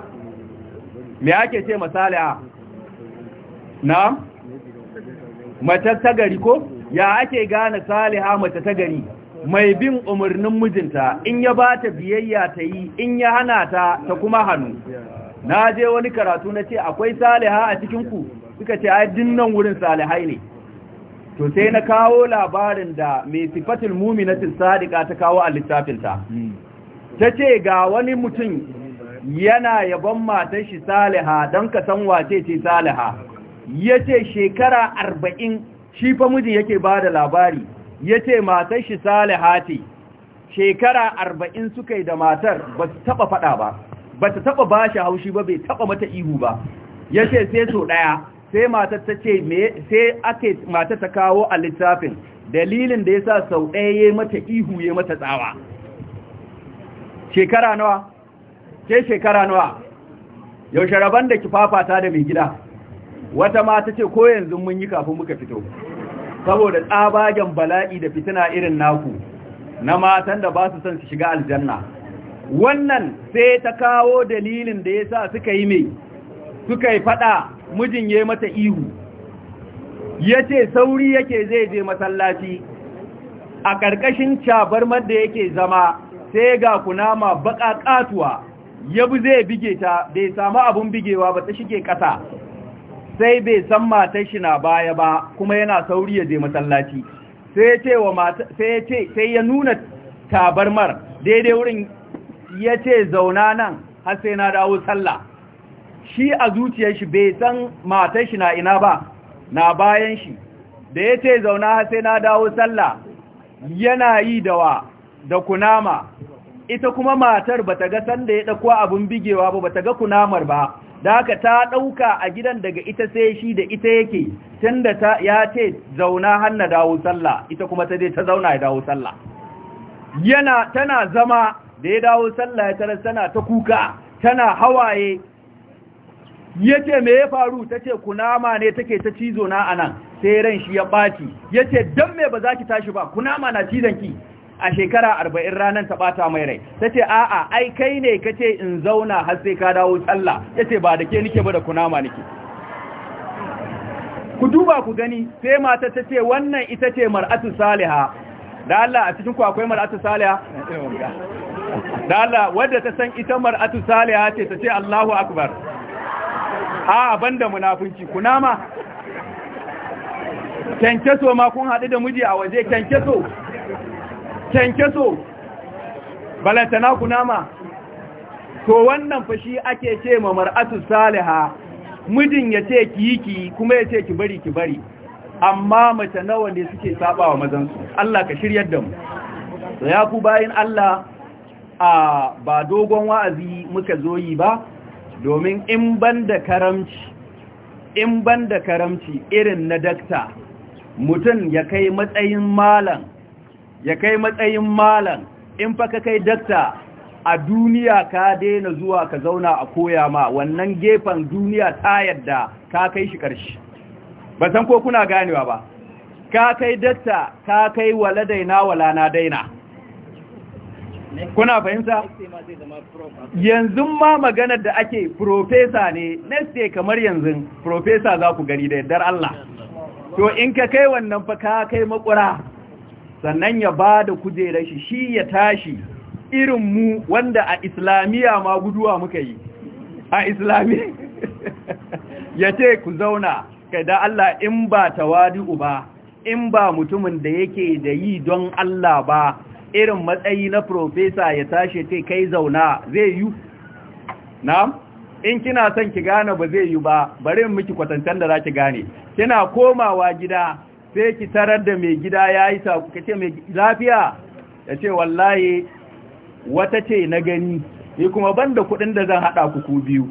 me ake ce masaliha na mace tagari ko ya ake gane saliha mace ta gari mai bin umarnin mijinta in ya ba ta biyayya ta yi in ya hana ta ta kuma hannu na je wani karatu na ce akwai saliha a cikinku suka ce a dinnan wurin salihai ne to sai na kawo labarin da mai sifatul muminatin sadiqa ta kawo a littafinta ta ce ga wani mutum yana yabon matan shi saliha don ka san wace ce saliha ya ce shekara arba'in shi fa mijin yake ba da labari ya ce matar shi salihati shekara arba'in suka yi da matar ba su taɓa faɗa ba ba ta taɓa ba shi haushi ba bai taɓa mata ihu ba ya ce sai so ɗaya sai matar ta ce sai ake matar ta kawo a littafin dalilin da ya sa sau ɗaya ya mata ihu ya mata tsawa shekara nawa ce shekara nawa yaushe rabon da ki fafata da mai gida wata ma ta ce ko yanzu mun yi kafin muka fito saboda tsabagen bala'i da fitina irin naku na matan da ba su son su shiga aljanna wannan sai ta kawo dalilin da yasa suka yi mai suka yi fada mijin ya mata ihu yace sauri yake zai je masallaci a ƙarƙashin cabarmar da yake zama sai ga kunama baƙaƙatuwa, ya yabu zai bige ta bai samu abun bigewa ba ta shige ƙasa sai bai san matan shi na baya ba kuma yana sauri ya je masallaci sai ya ce wa sai ya ce sai ya nuna tabarmar daidai wurin ya ce zauna nan har sai na dawo sallah shi a zuciyar shi bai san matan shi na ina ba na bayan shi da ya ce zauna har sai na dawo sallah yana yi da wa da kunama ita kuma matar bata ga sanda ya dauko abun bigewa ba bata ga kunamar ba da haka ta ɗauka a gidan daga ita sai shi da ita yake tun da ya ce zauna hanna dawo sallah ita kuma ta je ta zauna ya dawo sallah yana tana zama da ya dawo sallah ya tara tana ta kuka tana hawaye ya ce me ya faru ta ce kunama ne take ta cizo na anan sai ran shi ya ɓaci ya ce don me ba za ki tashi ba kunama na cizon ki a shekara arba'in ranar ta ɓata mai rai ta ce a'a ai kai ne ka ce in zauna har sai ka dawo tsalla ya ce ba da ke nike ba da kunama nike ku duba ku gani sai mata ta ce wannan ita ce mar'atu saliha da Allah a cikin ku akwai mar'atu saliha da Allah wadda ta san ita mar'atu saliha ce ta ce Allahu akbar a banda munafunci kunama kyankeso ma kun haɗu da miji a waje kyankeso kyankyaso balatana kunama to wannan fashi ake ce ma mar'atu saliha mijin ya ce ki kuma ya ce ki bari ki bari amma mace nawa ne suke sabawa mazan su Allah ka shiryar da mu to ya ku bayin Allah a ba dogon wa'azi muka zo yi ba domin in banda karamci in banda karamci irin na dakta mutum ya kai matsayin malam ya kai matsayin malam in fa ka kai dakta a duniya ka daina zuwa ka zauna a koya ma wannan gefen duniya ta yadda ka kai shi ƙarshe ba san ko kuna ganewa ba ka kai dakta ka kai wala daina wala na daina kuna fahimta yanzu ma maganar da ake profesa ne neste kamar yanzu profesa za ku gani da yadda Allah to in ka kai wannan fa ka kai makura sannan ya ba da kujerar shi shi ya tashi irin mu wanda a islamiyya ma guduwa muka yi a islami ya ce ku zauna kai da Allah in ba tawadi'u ba in ba mutumin da yake da yi don Allah ba irin matsayi na profesa ya tashi ce kai zauna zai yi na in kina son ki gane ba zai yi ba bari miki kwatantan da zaki gane kina komawa gida sai ki tarar da mai gida ya yi saku ka ce mai lafiya ya ce wallahi wata ce na gani ya kuma ban da kuɗin da zan haɗa kuku biyu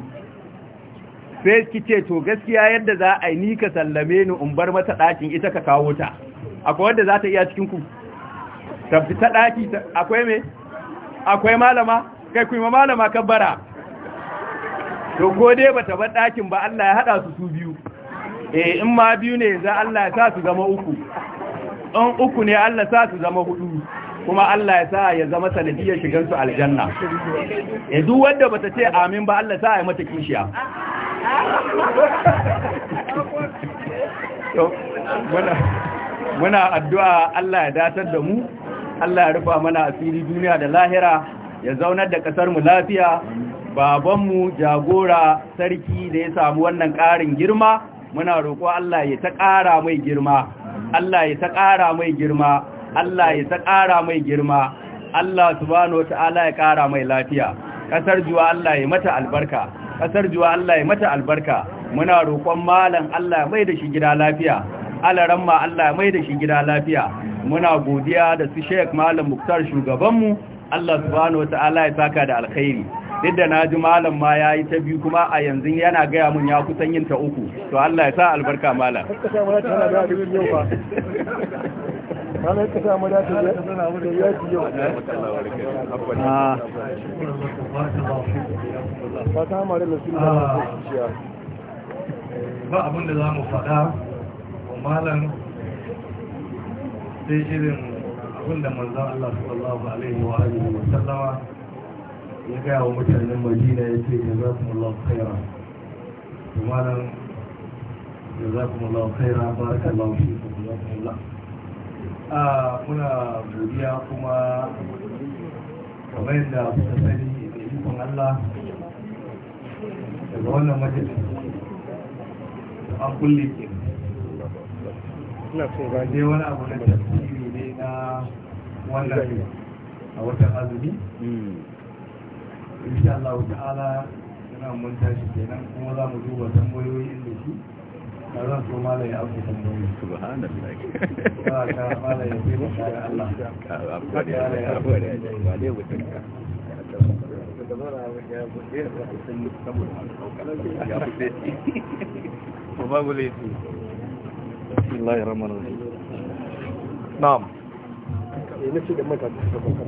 sai ki ce to gaskiya yadda za a yi ni ka sallame ni in bar mata ɗakin ita ka kawo ta akwai wadda za ta iya cikin ku tafi ta ɗaki akwai mai? akwai malama kai kuma malama kabbara to ko dai bata bar ɗakin ba Allah ya haɗa su su biyu eh in ma biyu ne za Allah ya sa su zama uku in uku ne Allah sa su zama hudu kuma Allah ya sa ya zama sanadiyar shigan su aljanna eh duk wanda bata ce amin ba Allah sa ya mata kishiya muna addu'a Allah ya datar da mu Allah ya rufa mana asiri duniya da lahira ya zaunar da ƙasar mu lafiya babanmu jagora sarki da ya samu wannan ƙarin girma muna roƙo Allah ya ta ƙara mai girma Allah ya ta ƙara mai girma Allah ya ta ƙara mai girma Allah subhanahu wataala ya ƙara mai lafiya Ƙasar juwa Allah ya mata albarka Ƙasar juwa Allah ya mata albarka muna roƙon malam Allah ya mai da shi gida lafiya alaran ma Allah ya mai da shi gida lafiya muna godiya da su Sheikh Malam Muktar shugabanmu Allah subhanahu wataala ya saka da alkhairi duk da na ji malam ma ya yi ta biyu kuma a yanzu yana gaya mun ya kusan yin ta uku to Allah ya sa albarka malam ba abin da za mu faɗa wa malam sai shirin abin da manzan Allah sallallahu Alaihi wa Alaihi wa sallama ya gaya wa mutanen madina ya ce da za kuma lau kaira nan da za kuma lau kaira baraka lau shi kuma za kuma lau a muna godiya kuma kamar yadda kuka sani da ikon allah daga wannan majalisa an kulle ke dai wani abu na tafsiri ne na wannan a watan azumi hmm. insha Allah ta'ala yana mun tashi kenan kuma za mu duba tambayoyin da shi a zan so mala abu tambayoyi subhanallah ba ka ya fi Allah abu da ya ba ne mutum ka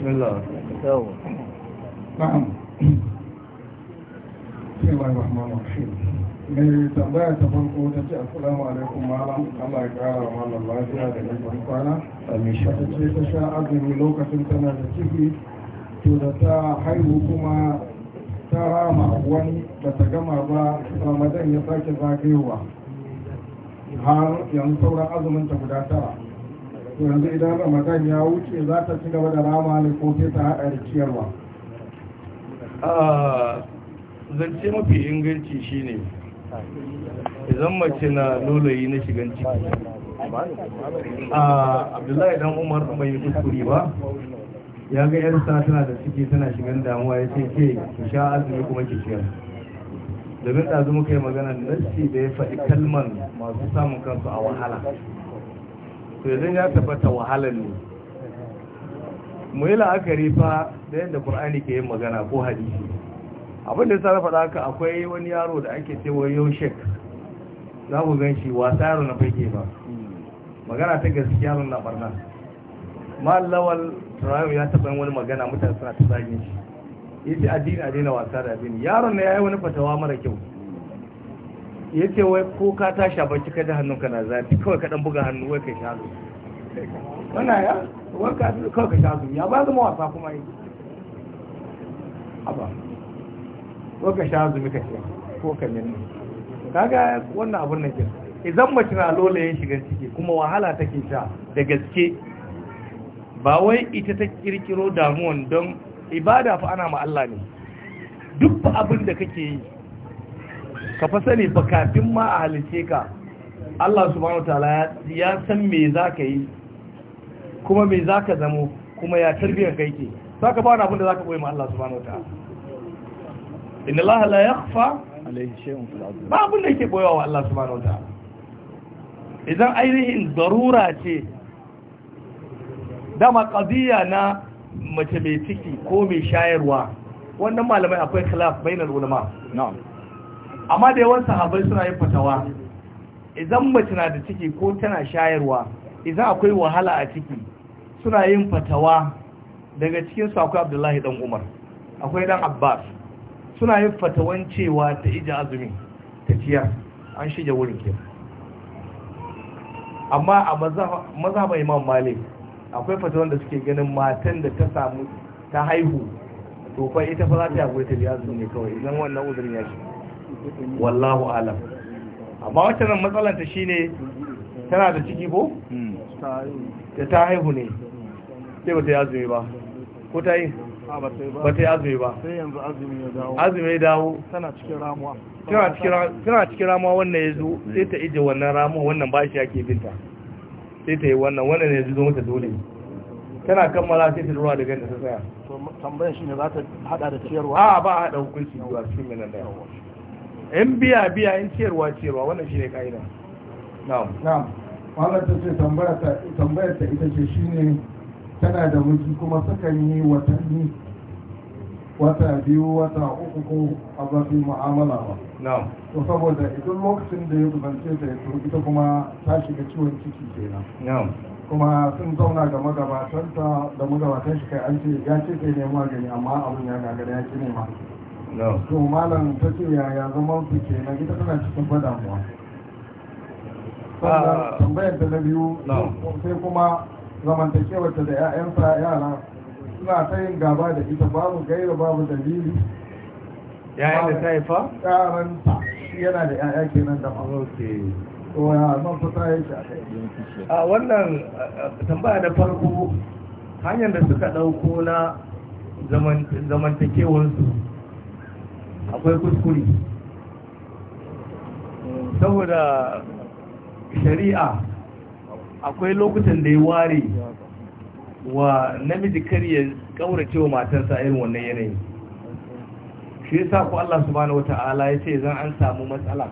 na'am bismillah rahman ta farko ta ce assalamu alaikum malam Allah ya kara wa malam lafiya da laifin kwana ta ce ta sha azumi lokacin tana da ciki to da ta haihu kuma ta rama wani ba ta gama ba ramadan ya sake zagayowa har yanzu sauran azumin ta guda tara to yanzu idan ramadan ya wuce za ta ci gaba da rama ne ko sai ta haɗa da ciyarwa zance mafi inganci shine idan mace na lolayi na shigan ciki a abdullahi dan umar bai kuskure ba ya ga yarsa tana da ciki tana shigan damuwa ya ce ke sha azumi kuma ki ciyar domin ɗazu muka yi maganar nassi da ya faɗi kalman masu samun kansu a wahala to yanzu ya tabbata wahala ne mu yi la'akari fa da yadda ƙur'ani ke yin magana ko hadisi abin da sarrafa da haka akwai wani yaro da ake cewa yau shek za ku gan shi wasa yaro na fage ba magana ta gaske yaro na barna ma lawal ya taɓa yin wani magana mutane suna ta zagin shi yace addini a daina wasa da addini yaron na yayi wani fatawa mara kyau yace wai ko ka tasha shafa kai da hannunka na zafi kawai ka dan buga hannu wai ka shazo wannan ya wai ka kawai ka shazo ya ba zama wasa kuma yi aba wai ka sha shazo mika ce ko ka minni kaga wannan abun nan ke idan mace na lola yin shiga ciki kuma wahala take sha da gaske ba wai ita ta kirkiro damuwan don ibada fa ana ma Allah ne duk abin da kake yi ka fa sani fa kafin ma a halice ka Allah subhanahu wataala ya san me zaka yi kuma me zaka zamo kuma ya tarbiyar kai ke saka ba wani abin da zaka koyi ma Allah subhanahu wataala inna Allah la yakhfa alayhi shay'un fil ardh ba abin da yake koyawa wa Allah subhanahu wataala idan ainihin darura ce dama qadiya na mace mai ciki ko mai shayarwa wannan malamai akwai khilaf bainar ulama amma da yawan sahabai suna yin fatawa idan mace na da ciki ko tana shayarwa idan akwai wahala a ciki suna yin fatawa daga cikin su akwai Abdullahi dan Umar akwai dan Abbas suna yin fatawan cewa ta ija azumi ta ciyar an shige wurin ke amma a mazhab Imam Malik akwai fata da suke ganin matan da ta samu ta haihu to fa ita fa za ta yi ta biya su ne kawai idan wannan uzurin ya shi wallahu alam amma wacce nan matsalar ta shine tana da ciki ko hmm. da ta haihu ne sai ba ta yi azumi ba ko ta yi ba ta yi azumi ba sai yanzu azumi ya dawo azumi ya dawo tana cikin ramuwa tana cikin ramuwa wannan ya zo sai ta ije wannan ramuwa wannan ba shi ake binta sai ta yi wannan wannan ne zuwa mata dole tana kammala sai ta ruwa daga inda ta tsaya tambayar shi ne za ta hada da ciyarwa a ba a hada hukunci zuwa cikin minan da yan biya biya yan ciyarwa ciyarwa wannan shi ne ka'ida na'am na'am ta ce tambayar ta ita ce ne tana da miji kuma sukan yi watanni wata biyu wata uku ko a zafi mu'amala ba to saboda idan lokacin da ya kusance ta to ita kuma ta shiga ciwon ciki kenan kuma sun zauna ga magabatanta da magabatan shi kai an ce ya ce kai ne magani amma abin ya gagara ya ce nema to malam ta ce yaya zaman su kenan ita tana cikin fadamuwa ah. tambayar da na biyu sai kuma ta da 'ya'yansa yara suna ta yin gaba da ita babu gaira babu dalili yayin da ta haifa? yaranta yana da yaya kenan da ma ya zan fata ya shi a wannan tambaya da farko hanyar da suka ɗauko na zamantakewarsu akwai kuskure saboda shari'a akwai lokutan da ya ware wa namiji kar ya kaurace wa matarsa irin wannan yanayi shi yasa ku Allah subhanahu wata'ala ya ce zan an samu matsala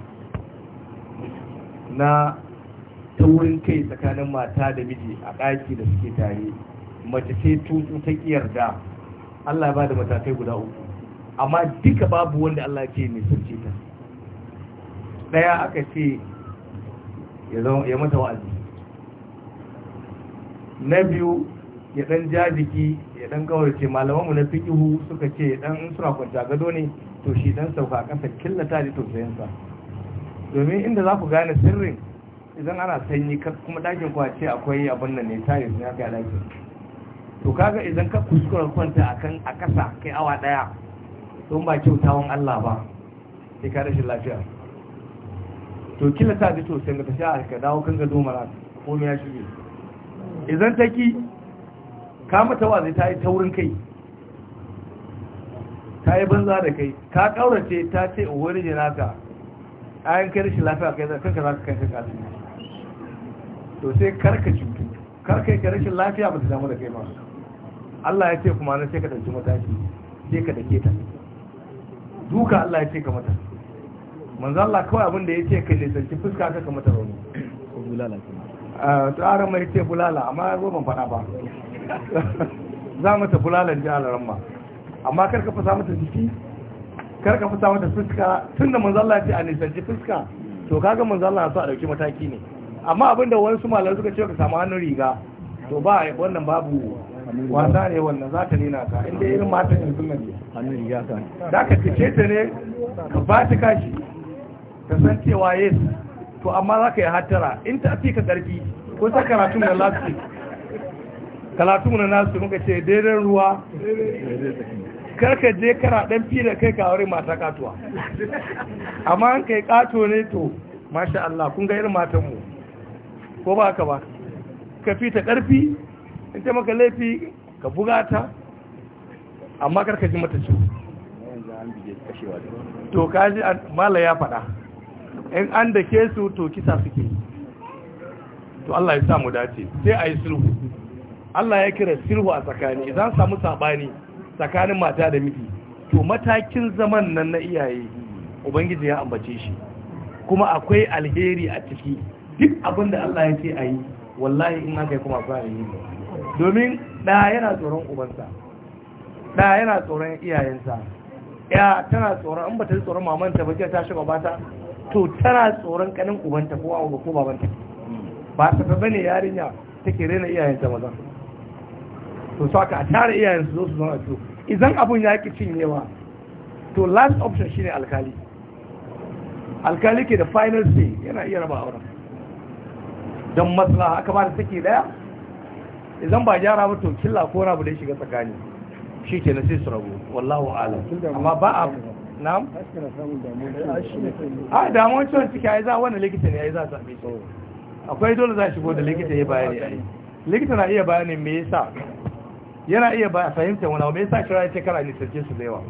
na ta kai tsakanin mata da miji a ɗaki da suke tare mace ce tutsu ta da Allah ya ba matakai guda uku amma duka babu wanda Allah ke nisance ta ɗaya aka ce ya mata wa'azi na biyu ya dan ja jiki ya dan kawarce malamanmu na fikihu suka ce dan suna kwanta gado ne to shi dan sauka kasa killata da tausayinsa domin inda za ku gane sirrin idan ana sanyi kuma ɗakin ce akwai abin nan, ne tare sun haka ya to kaga idan ka kuskura kwanta akan a kasa kai awa ɗaya to ba kyautawan Allah ba sai ka rashin lafiya to killata da tausayin ka ta sha ka dawo kan gado mara komai ya shige idan ta ki ka mata wazi ta yi taurin kai ta yi banza da kai ka kaurace ta ce wani jinaka ayan kai rashin lafiya kai zai kanka za ka kai kanka to sai karka cutu karka yi rashin lafiya ba ta damu da kai ma Allah ya ce kuma na sai ka ɗauki mataki sai ka dake ta duka Allah ya ce ka mata manzo Allah kawai abin da ya ce ka nisanci fuska ka ka mata rauni ah, to ara mai ce bulala amma ya zo ban faɗa ba za mu tafi lalan jihar ramma amma karka fasa mata jiki karka fasa mata fuska tun da ya ce a nisanci fuska to kaga na so a ɗauki mataki ne amma abinda wani su malar suka ce ka samu hannun riga to ba wannan babu wasa ne wannan za ka nina ka inda irin matan yanzu nan ne hannun riga ka da ka cike ta ne ka ba ta kashi ta san cewa yes to amma za ka yi hattara in ta fi ka ƙarfi ko ta karatun da last talatu na nasu muka ce daidai ruwa karka je kara dan da kai ka mata katuwa amma an kai kato ne to masha Allah kun ga irin matan mu ko ba ka ba ka fita karfi in ta maka laifi ka buga ta amma karka ji mata ciwo to kaji mala ya faɗa in an da ke su to kisa suke to Allah ya mu dace sai a yi sulhu Allah ya kira sirhu a tsakani idan samu sabani tsakanin mata da miji to matakin zaman nan na iyaye ubangiji ya ambace shi kuma akwai alheri a ciki duk abin da Allah ya ce a yi wallahi in aka yi kuma ba yi domin ɗaya yana tsoron ubansa ɗaya yana tsoron iyayensa ya tana tsoron in ba ta tsoron mamanta ba ta shiga bata to tana tsoron kanin ubanta ko a ko babanta ba ta ba bane yarinya take rena iyayenta maza to so a tare iyayen su zo su zama to idan abun ya ki cinyewa to last option shine alkali alkali ke da final say yana iya raba auren don maslaha aka ba da take daya idan ba gyara ba to killa ko rabu da shiga tsakani shi ke na sai su rabu wallahu ala amma ba a nam a damuwan ciwon ciki ai za wani likita ne ai za a sami akwai dole za shigo da likita ya bayani ai likita na iya bayani me yasa yana iya ba fahimta wani abu yasa kira ce kara nisance su da yawa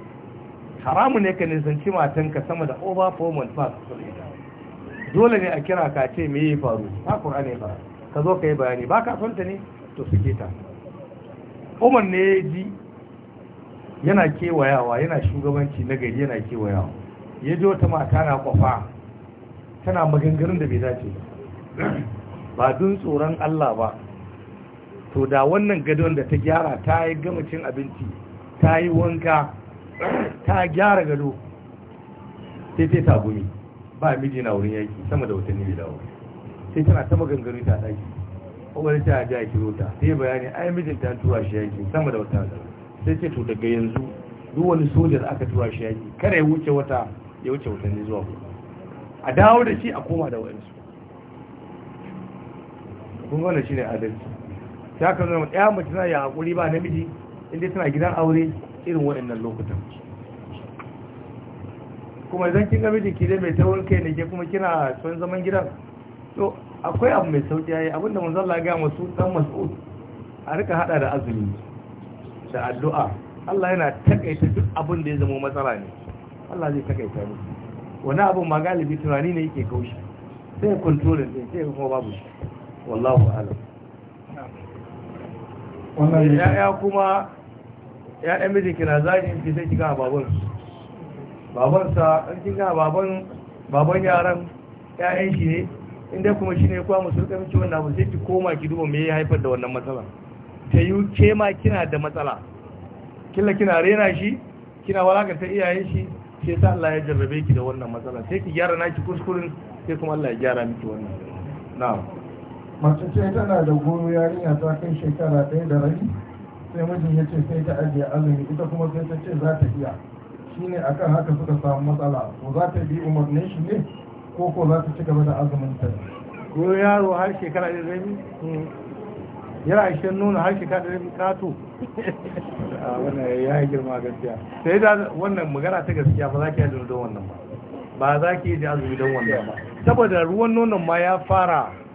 haramun ne ka nisanci matanka sama da over four months dole ne a kira ka ce me yi faru ta ne ba ka zo ka yi bayani ba ka sonta ne to suke ta umar ne ya ji yana kewayawa yana shugabanci na gari yana kewayawa ya ji wata mata na kwafa tana maganganun da bai dace ba dun tsoron Allah ba to da wannan gadon da ta gyara ta yi gama cin abinci ta yi wanka ta gyara gado sai ta tagumi ba miji na wurin yaki sama da watanni bai dawo sai tana ta maganganu ta daki kwakwalwa ta ja ki rota sai bayani ai mijin ta tura shi yaki sama da wata sai ce to daga yanzu duk wani sojan aka tura shi yaki kada ya wuce wata ya wuce watanni zuwa ku a dawo da shi a koma da wa'insu kun gane shi ne adalci ya kan zama ɗaya mace na yi haƙuri ba namiji inda tana gidan aure irin waɗannan lokutan kuma zan kin ga miji dai mai taurin kai ne ke kuma kina son zaman gidan to akwai abu mai sauki yayi abinda mun zalla ga masu dan mas'ud a rika hada da azumi da addu'a Allah yana takaita duk abin da ya zama matsala ne Allah zai takaita ne wani abin ma galibi tunani ne yake kaushi sai kontrolin din sai kuma babu shi wallahu a'lam ya'ya kuma ya'yan mijinki na zagin ki sai ki baban baban yaran ya'yan shi ne inda kuma shi ne kuma musu mace wanda na sai ki koma ki duba me ya haifar da wannan matsala ta yi ke ma kina da matsala killa kina rena shi kina walakanta iyayen shi sai sa Allah ya jarrabe ki da wannan matsala sai ki gyara naki kuskuren sai kuma Allah ya gyara miki wannan na'am mace ce tana da goro yarinya ta kai shekara ɗaya da rabi sai mijin ya ce sai ta ajiye azumi ita kuma sai ta ce za ta iya shine akan haka suka samu matsala ko za ta bi umarnin shi ne ko ko za ta ci gaba da azumin ta Goro yaro har shekara da rabi hmm. yana ishe nuna har shekara da rabi kato ah, wannan ya yi girma gaskiya sai da wannan magana ta gaskiya ba za ki yi don wannan ba ba za ki yi da azumi don wannan ba saboda ruwan nonon ma ya fara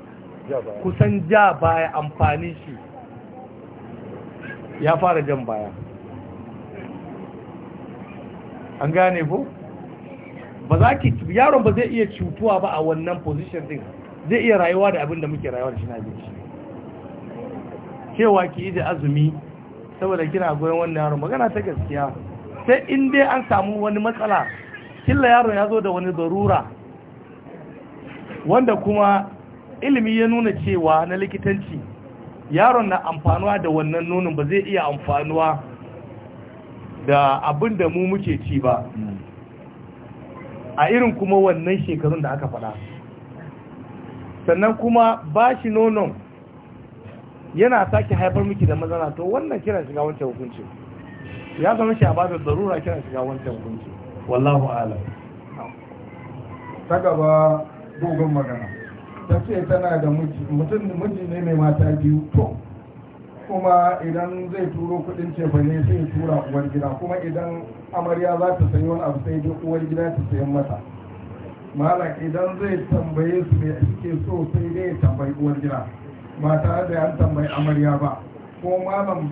kusan ja baya amfani shi ya fara jan baya an gane ko ba za ki yaron ba zai iya cutuwa ba a wannan position din zai iya rayuwa da abin da muke rayuwa da shi na jin shi cewa ki yi da azumi saboda kina goyon wannan yaron magana ta gaskiya sai in dai an samu wani matsala killa yaron ya zo da wani zarura wanda kuma ilimi ya nuna cewa na likitanci yaron na amfanuwa da wannan nonon ba zai iya amfanuwa da abin da mu muke ci ba a irin kuma wannan shekarun da aka faɗa sannan kuma ba shi nonon yana sake haifar miki da mazana to wannan kira shiga wancan hukunci ya zama shi a ba da zarura kira shiga wancan hukunci wallahu ala ta gaba dogon magana ta ce tana da miji mutum ne mai mata biyu to kuma idan zai turo kudin cefane sai ya tura uwar gida kuma idan amarya za ta sayi wani abu sai dai uwar gida ta sayan mata malam idan zai tambaye su mai suke so sai dai ya tambayi uwar gida ba tare da an tambayi amarya ba ko malam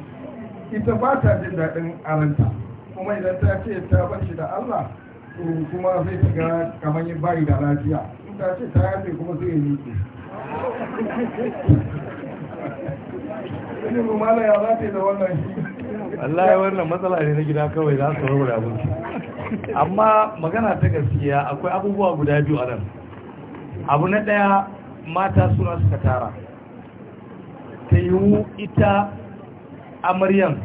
ita ba ta jin daɗin aranta kuma idan ta ce ta bar shi da allah to kuma zai ta ga kamar bayi da lafiya ta ce kuma sai ya miƙe ya da wannan matsala ne na gida kawai za su rubuta abinci amma magana ta gaskiya akwai abubuwa guda biyu a nan abu na ɗaya mata suna suka tara ta yiwu ita amaryan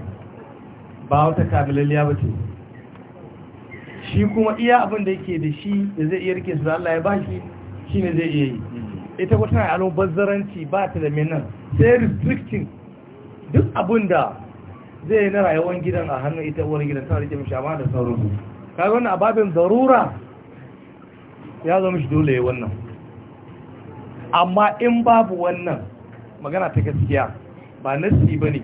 ba wata kamilaliya ba ce shi kuma iya abin da yake da shi da zai iya rike su da Allah ya bashi shine zai iya yi hmm. ita kuma tana alon bazzaranci ba ta da menan sai restricting duk abin da zai yi na rayuwar gidan a hannun ita uwar gidan ta rike mishi amma da sauran su kaga wannan ababin zarura ya zama mishi dole ya wannan amma in babu wannan magana ta gaskiya ba nassi ba ne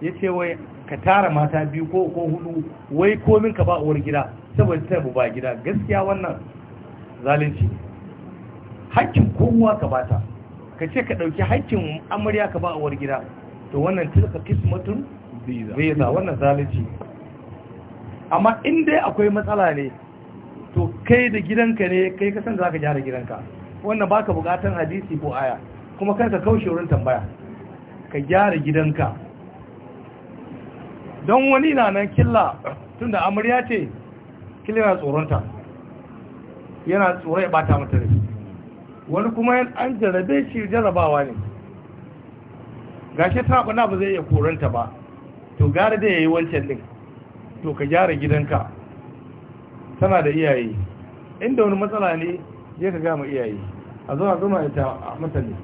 ya ce wai ka tara mata biyu ko ko hudu wai komin ka ba uwar gida saboda ta ba gida gaskiya wannan zalunci hakkin kowa ka bata ka ce ka ɗauki hakkin amarya ka ba a war gida to wannan tilka kismatun visa wannan zalici amma in dai akwai matsala ne to kai da gidanka ne kai san za ka gyara gidanka wannan baka bukatan hadisi ko aya kuma kar ka kaushe wurin tambaya ka gyara gidanka don wani na nan killa tunda amarya ce killa na tsoronta yana tsoron ya bata mata rai wani kuma an jarabe shi jarabawa ne Ga shi ta na ba zai iya koranta ba to gara da ya yi wancan ɗin to ka gyara gidanka tana da iyaye inda wani matsala ne je ka gama iyaye a zuwa a ya ta matsali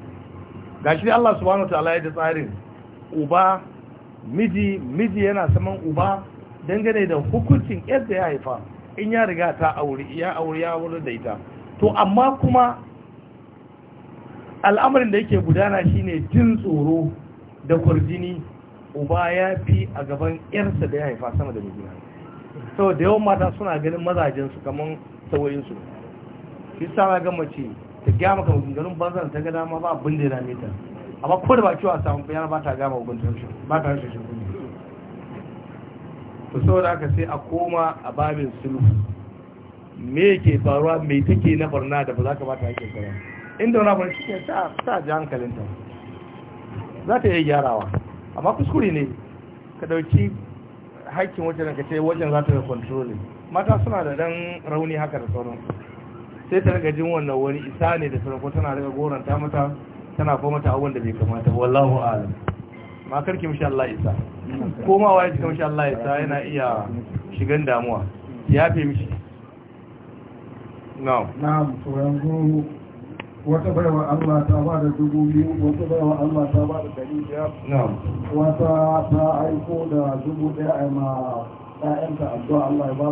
ga shi Allah subhanahu ta'ala ya da tsarin uba miji miji yana saman uba dangane da hukuncin yadda ya haifa in ya riga ta aure ya aure ya wurin da ita to amma kuma al'amarin da yake gudana shine jin tsoro da kwarjini uba ya fi a gaban yarsa da ya haifa sama da mijina sau da yawan mata suna ganin mazajensu kamar sauyinsu shi sama ga mace ta gama kamar gungarin banzan ta gada ma ba abin da ya dame ta amma ko da ba cewa samun bayan ba ta gama ugun ba ta rashin shi to da aka sai a koma a babin sulhu me ke faruwa me take na barna da ba za ka ba ta hakin ba inda wani abin cikin ta ji hankalinta za ta yi gyarawa amma kuskure ne ka dauki haƙƙin wajen ka ce wajen za ta yi kontroli mata suna da ɗan rauni haka da sauran sai ta daga jin wannan wani isa ne da sauran ko tana daga goron ta mata tana ko mata abin da bai kamata wallahu alam ma karki mashi Allah isa komawa ya cika mishi Allah isa yana iya shigan damuwa ya fi mishi na'am na'am to yanzu wata baiwa Allah ta ba da dubu biyu wata baiwa Allah ta ba da dari biyar wata ta aiko da dubu daya a ma ɗayanta addu'a Allah ya ba